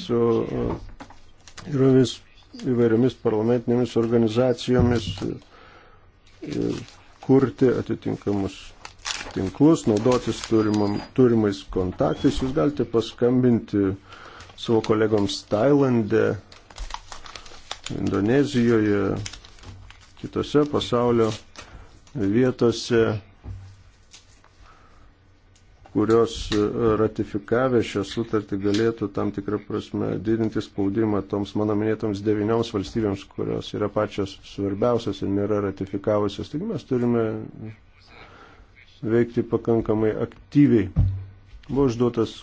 Speaker 2: su e, įvairiomis, įvairiomis parlamentinėmis organizacijomis e, ir kurti atitinkamus tinklus, naudotis turimam, turimais kontaktais. Jūs galite paskambinti savo kolegoms Tailandė, Indonezijoje, kitose pasaulio vietose, kurios ratifikavę šią sutartį galėtų tam tikrą prasme didinti spaudimą toms mano minėtoms devynioms valstybėms, kurios yra pačios svarbiausios ir nėra ratifikavusios. Taigi mes turime veikti pakankamai aktyviai. Buvo užduotas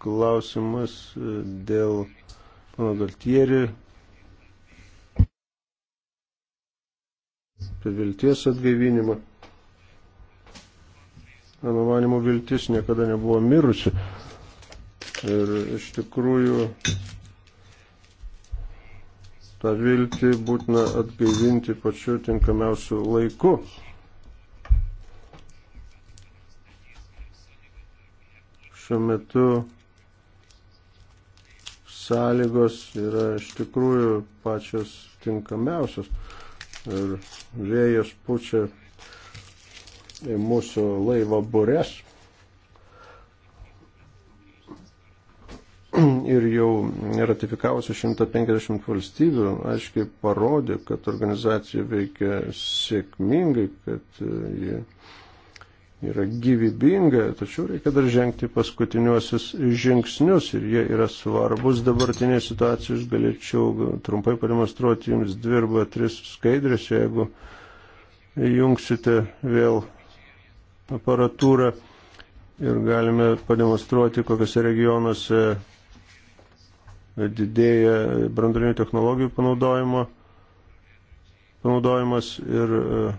Speaker 2: klausimas e, dėl pana Galtieri apie vilties atgaivinimą. Mano manimo, viltis niekada nebuvo mirusi. Ir iš tikrųjų tą viltį būtina atgaivinti pačiu tinkamiausiu laiku. šiuo metu sąlygos yra iš tikrųjų pačios tinkamiausios. Ir vėjas pučia į mūsų laivo burės. Ir jau ratifikavusi 150 valstybių, aiškiai parodė, kad organizacija veikia sėkmingai, kad ji yra gyvybinga, tačiau reikia dar žengti paskutiniuosius žingsnius ir jie yra svarbus dabartinėje situacijoje. Aš galėčiau trumpai pademonstruoti jums dvi arba tris skaidrės, jeigu jungsite vėl aparatūrą ir galime pademonstruoti, kokiuose regionuose didėja brandolinių technologijų panaudojimo, panaudojimas ir uh,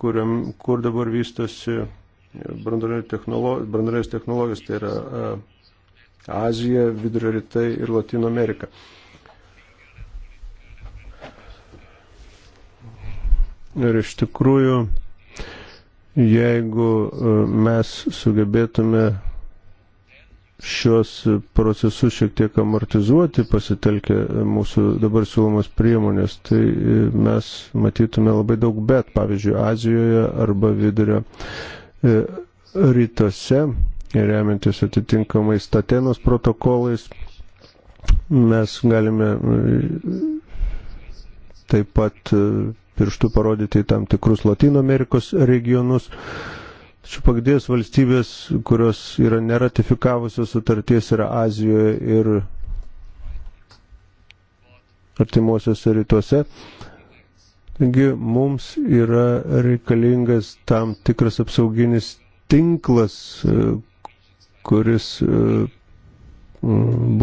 Speaker 2: kuriam, kur dabar vystosi branduolės technologijos, technologijos, tai yra e, Azija, Vidurio Rytai ir Latino Amerika. Ir iš tikrųjų, jeigu e, mes sugebėtume šios procesus šiek tiek amortizuoti pasitelkę mūsų dabar siūlomos priemonės, tai e, mes matytume labai daug bet, pavyzdžiui, Azijoje arba vidurio e, rytuose, remiantis atitinkamai statenos protokolais, mes galime e, taip pat pirštų parodyti į tam tikrus Latino Amerikos regionus Tačiau pagrindinės valstybės, kurios yra neratifikavusios sutarties, yra Azijoje ir artimuosiuose rytuose. Taigi mums yra reikalingas tam tikras apsauginis tinklas, e, kuris e,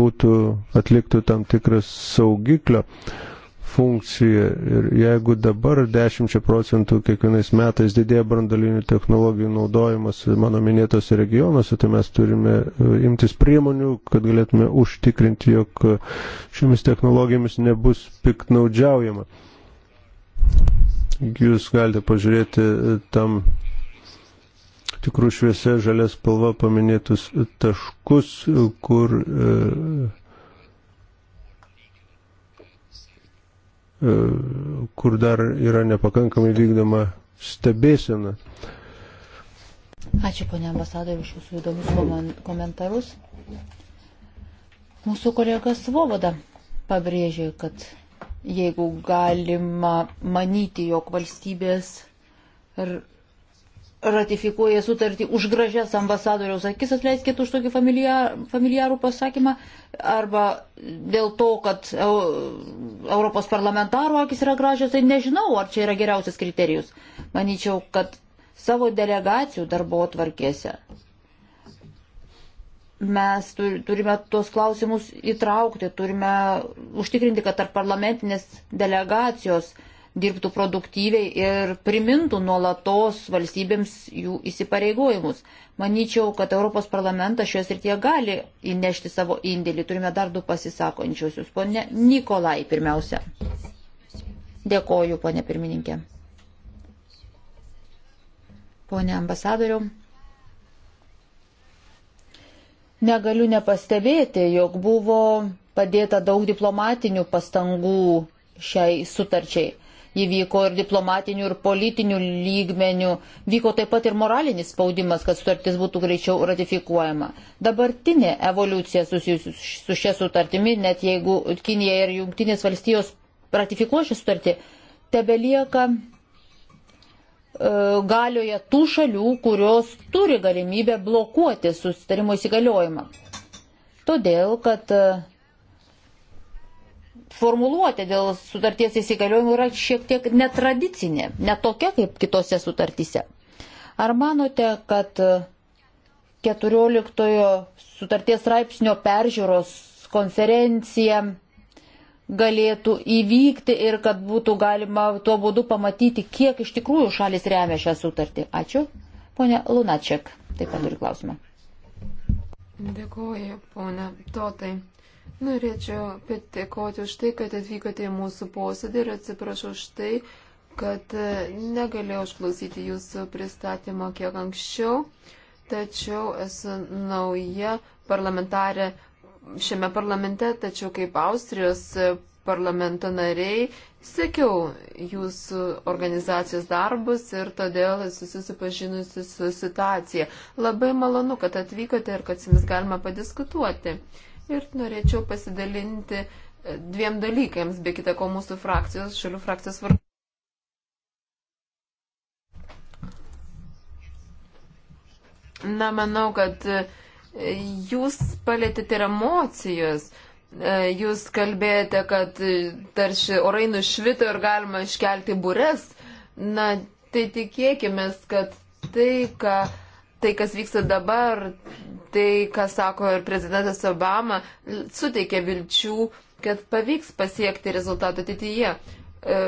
Speaker 2: būtų atliktų tam tikras saugiklio funkcija. Ir jeigu dabar 10 procentų kiekvienais metais didėja brandalinių technologijų naudojimas mano minėtose regionuose, tai mes turime e, imtis priemonių, kad galėtume užtikrinti, jog šiomis technologijomis nebus piknaudžiaujama. Jūs galite pažiūrėti e, tam tikrų šviesę žalės spalva paminėtus taškus, e, kur e, E, kur dar yra nepakankamai vykdoma stebėsena.
Speaker 1: Ačiū, ponė ambasadoriu, už jūsų įdomius komentarus. Mūsų kolega Svoboda pabrėžė, kad jeigu galima manyti, jog valstybės ir ratifikuoja sutartį už gražias ambasadoriaus akis, atleiskit už tokį familiar, familiarų pasakymą, arba dėl to, kad Europos parlamentaro akis yra gražios, tai nežinau, ar čia yra geriausias kriterijus. Manyčiau, kad savo delegacijų darbo tvarkėse mes turime tuos klausimus įtraukti, turime užtikrinti, kad tarp parlamentinės delegacijos uh, dirbtų produktyviai ir primintų nuolatos valstybėms jų įsipareigojimus. Manyčiau, kad Europos parlamentas šioje srityje gali įnešti savo indėlį. Turime dar du pasisakančiusius. Pone Nikolai, pirmiausia. Dėkoju, pone pirmininkė. Pone ambasadoriu. Negaliu nepastebėti, jog buvo padėta daug diplomatinių pastangų šiai sutarčiai įvyko ir diplomatinių, ir politinių lygmenių, vyko taip pat ir moralinis spaudimas, kad sutartis būtų greičiau ratifikuojama. Dabartinė evoliucija susijusi su šia sutartimi, net jeigu Kinija ir Junktinės valstijos ratifikuos šią sutartį, tebelieka e, galioje tų šalių, kurios turi galimybę blokuoti susitarimo įsigaliojimą. Todėl, kad e, formuluotė dėl sutarties įsigaliojimų yra šiek tiek netradicinė, netokia kaip kitose sutartyse. Ar manote, kad 14 sutarties straipsnio peržiūros konferencija galėtų įvykti ir kad būtų galima tuo būdu pamatyti, kiek iš tikrųjų šalis remia šią sutartį. Ačiū. Pone Lunačiak, taip pat turiu klausimą.
Speaker 3: Dėkuoju, pone Totai. Norėčiau patikoti už tai, kad atvykote į mūsų posėdį ir atsiprašau už tai, kad e, negalėjau išklausyti jūsų pristatymą kiek anksčiau, tačiau esu nauja parlamentarė šiame parlamente, tačiau kaip Austrijos e, parlamento nariai sekiau jūsų organizacijos darbus ir todėl esu susipažinusi su situacija. Labai malonu, kad atvykote ir kad su jumis galima padiskutuoti ir norėčiau pasidalinti e, dviem dalykams, be kita ko mūsų frakcijos, šalių frakcijos vardu. Na, manau, kad e, jūs palėtėte ir emocijos. E, jūs kalbėjote, kad tarsi orai nušvito ir galima iškelti bures. Na, tai tikėkime, kad tai, ką. Ka tai, kas vyksta dabar, tai, kas sako ir prezidentas Obama, suteikia vilčių, kad pavyks pasiekti rezultatų ateityje. E,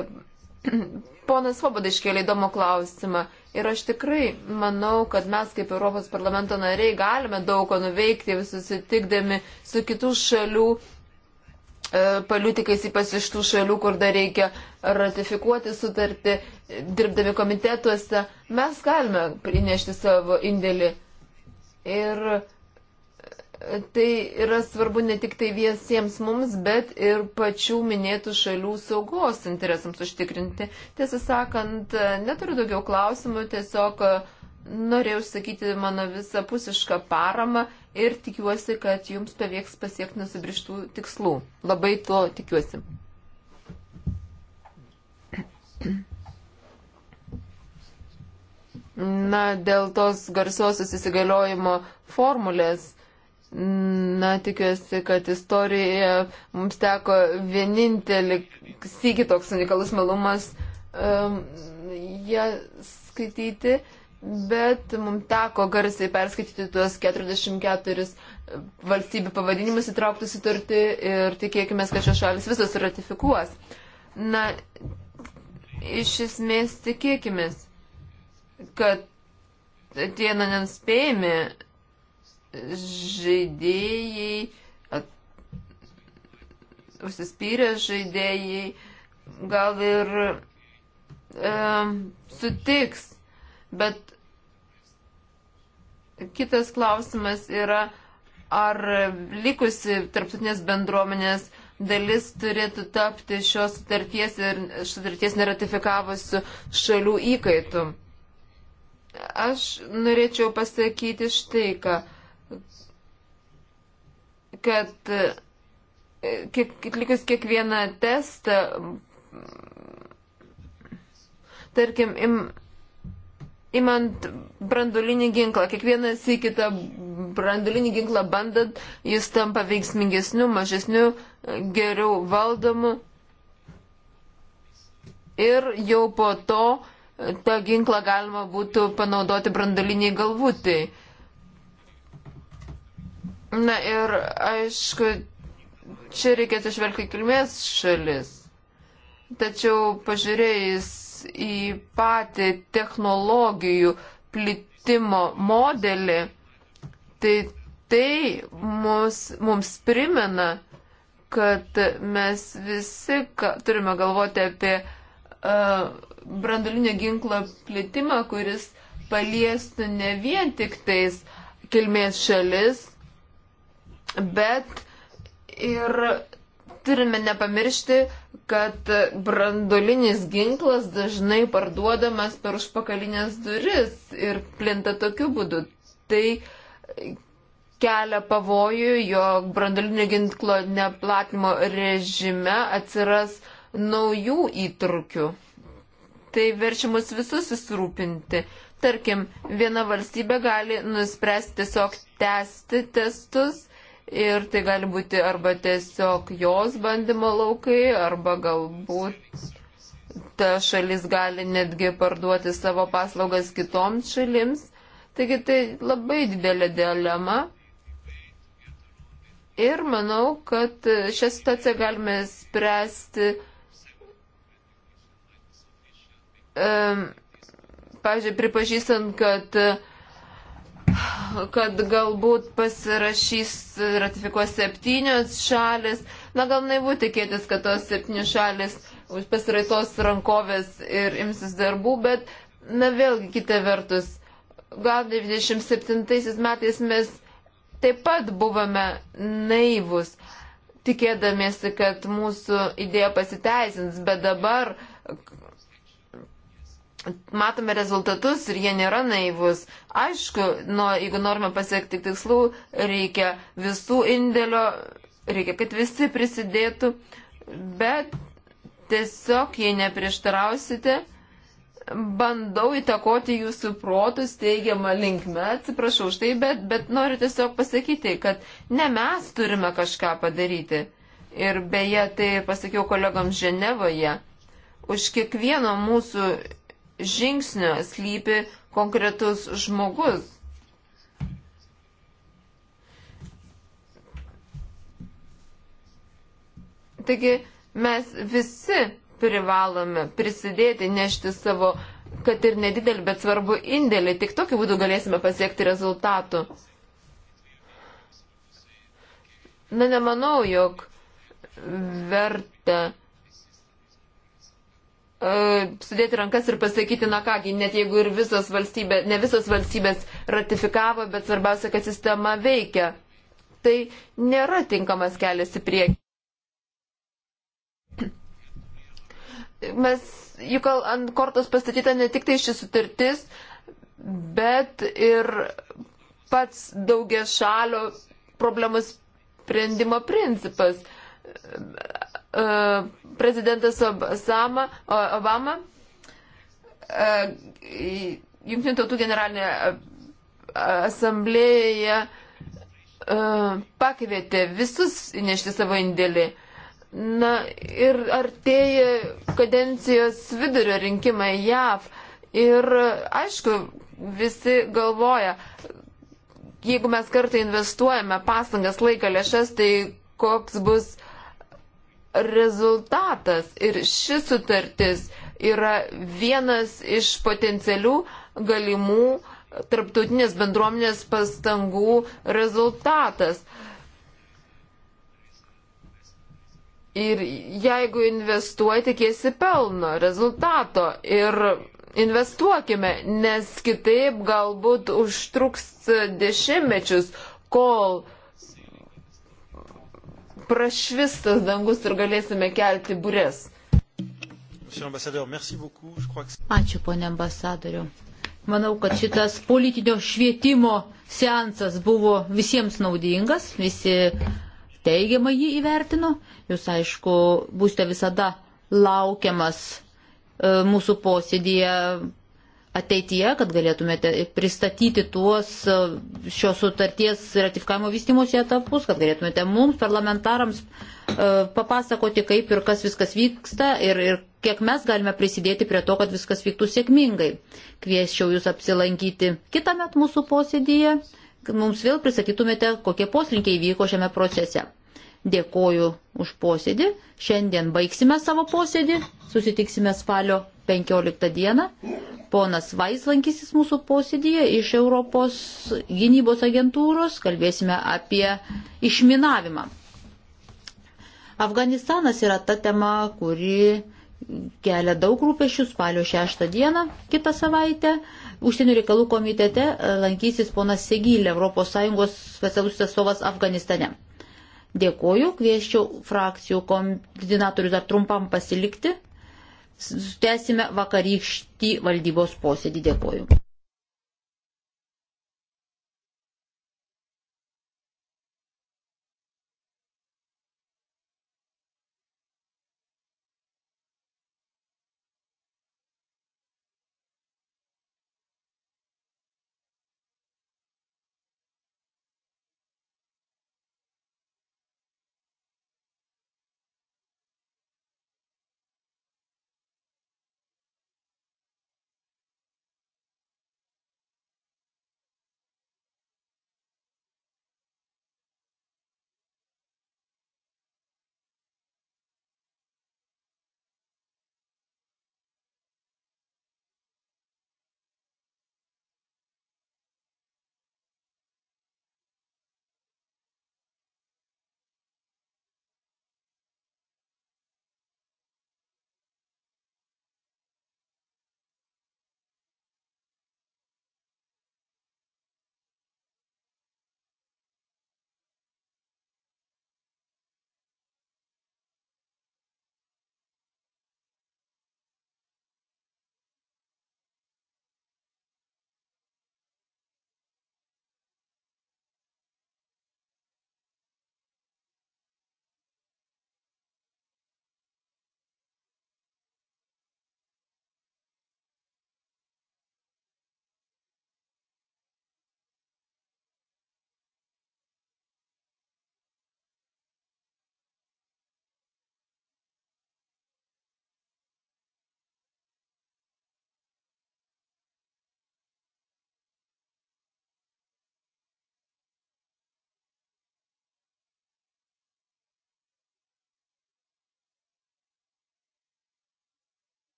Speaker 3: Ponas Svoboda iškėlė įdomų klausimą ir aš tikrai manau, kad mes kaip Europos parlamento nariai galime daug ko nuveikti, susitikdami su kitų šalių E, politikais, ypač iš tų šalių, kur dar reikia ratifikuoti sutartį, dirbdami komitetuose, mes galime prinešti savo indėlį. Ir e, tai yra svarbu ne tik tai visiems mums, bet ir pačių minėtų šalių saugos interesams užtikrinti. Tiesą sakant, e, neturiu daugiau klausimų, tiesiog uh, Norėjau sakyti mano visapusišką paramą ir tikiuosi, kad jums pavyks pasiekti nusibrištų tikslų. Labai to tikiuosi. Na, dėl tos garsiosios įsigaliojimo formulės, na, tikiuosi, kad istorija mums teko vienintelį, sėki toks unikalus malumas um, ją skaityti. Uh, bet mums teko garsiai perskaityti tuos 44 e, valstybių pavadinimus įtrauktų sutartį ir tikėkime, kad šios šalis visos ratifikuos. Na, iš esmės tikėkime, kad tie na, nenspėjami žaidėjai, at, užsispyrę žaidėjai gal ir e, sutiks Bet kitas klausimas yra, ar likusi tarptautinės bendruomenės dalis turėtų tapti šios sutarties ir sutarties neratifikavusių šalių įkaitų. Aš norėčiau pasakyti štai ką, kad kiek, likus kiekvieną testą, tarkim, im, Imant brandulinį ginklą, kiekvienas į kitą brandulinį ginklą bandant, jis tampa veiksmingesniu, mažesniu, geriau valdomu. Ir jau po to tą ginklą galima būtų panaudoti branduliniai galvutai. Na ir aišku, čia reikėtų išvelgti kilmės šalis. Tačiau pažiūrėjus į patį technologijų plitimo modelį, tai tai mus, mums primena, kad mes visi ka, turime galvoti apie uh, e, brandulinio ginklo plitimą, kuris paliestų ne vien tik tais kilmės šalis, bet ir turime nepamiršti, kad brandolinis ginklas dažnai parduodamas per užpakalinės duris ir plinta tokiu būdu. Tai kelia pavojų, jog brandolinio ginklo neplatimo režime atsiras naujų įtrukių. Tai verčia mus visus susirūpinti. Tarkim, viena valstybė gali nuspręsti tiesiog tęsti testus ir tai gali būti arba tiesiog jos bandymo laukai, arba galbūt ta šalis gali netgi parduoti savo paslaugas kitoms šalims. Taigi tai labai didelė dilema. Ir manau, kad šią situaciją galime spręsti. Um, Pavyzdžiui, pripažįstant, kad uh, kad galbūt pasirašys, ratifikuos septynios šalis. Na gal naivu tikėtis, kad tos septynios šalis pasiraitos rankovės ir imsis darbų, bet na vėlgi kita vertus, gal 97 metais mes taip pat buvome naivus, tikėdamiesi, kad mūsų idėja pasiteisins, bet dabar matome rezultatus ir jie nėra naivus. Aišku, nu, jeigu norime pasiekti tikslų, reikia visų indėlio, reikia, kad visi prisidėtų, bet tiesiog, jei neprieštarausite, bandau įtakoti jūsų protus teigiamą linkmę, atsiprašau už tai, bet, bet noriu tiesiog pasakyti, kad ne mes turime kažką padaryti. Ir beje, tai pasakiau kolegams Ženevoje, už kiekvieno mūsų žingsnio slypi konkretus žmogus. Taigi mes visi privalome prisidėti, nešti savo, kad ir nedidelį, bet svarbu indėlį. Tik tokiu būdu galėsime pasiekti rezultatų. Na, nemanau, jog verta E, sudėti rankas ir pasakyti, na kągi, net jeigu ir visos valstybės, ne visos valstybės ratifikavo, bet svarbiausia, kad sistema veikia. Tai nėra tinkamas kelias į priekį. Mes, juk ant kortos pastatyta ne tik tai ši sutartis, bet ir pats daugia šalio problemos sprendimo principas E, prezidentas Obama, Obama e, Junktinių tautų generalinėje asamblėje pakvietė visus įnešti savo indėlį. Na ir artėja kadencijos vidurio rinkimai JAV. Ir aišku, visi galvoja, jeigu mes kartą investuojame pastangas, laiką, lėšas, tai koks bus uh, rezultatas ir ši sutartis yra vienas iš potencialių galimų tarptautinės bendruomenės pastangų rezultatas. Ir jeigu investuoji, tikėsi pelno, rezultato ir investuokime, nes kitaip galbūt užtruks dešimtmečius, kol uh, prašvistas dangus ir galėsime kelti būres.
Speaker 1: Ačiū, ponė ambasadoriu. Manau, kad šitas politinio švietimo seansas buvo visiems naudingas, visi teigiamai jį įvertino. Jūs, aišku, būsite visada laukiamas e, mūsų posėdėje ateityje, kad galėtumėte pristatyti tuos e, šios sutarties ratifikavimo vystimus į etapus, kad galėtumėte mums, parlamentarams, e, papasakoti, kaip ir kas viskas vyksta ir, ir kiek mes galime prisidėti prie to, kad viskas vyktų sėkmingai. Kvieščiau jūs apsilankyti kitą met mūsų posėdėje, kad mums vėl pristatytumėte, kokie poslinkiai vyko šiame procese. Dėkoju už posėdį. Šiandien baigsime savo posėdį. Susitiksime spalio 15 dieną. Ponas Vais lankysis mūsų posėdėje iš Europos gynybos agentūros, kalbėsime apie išminavimą. Afganistanas yra ta tema, kuri kelia daug rūpešių spalio 6 dieną, kitą savaitę. Užsienio reikalų komitete lankysis ponas Segylė, ES specialus atstovas Afganistane. Dėkoju, kvieščiau frakcijų koordinatorius dar trumpam pasilikti Tęsime vakarykštį
Speaker 3: valdybos posėdį. Dėkoju.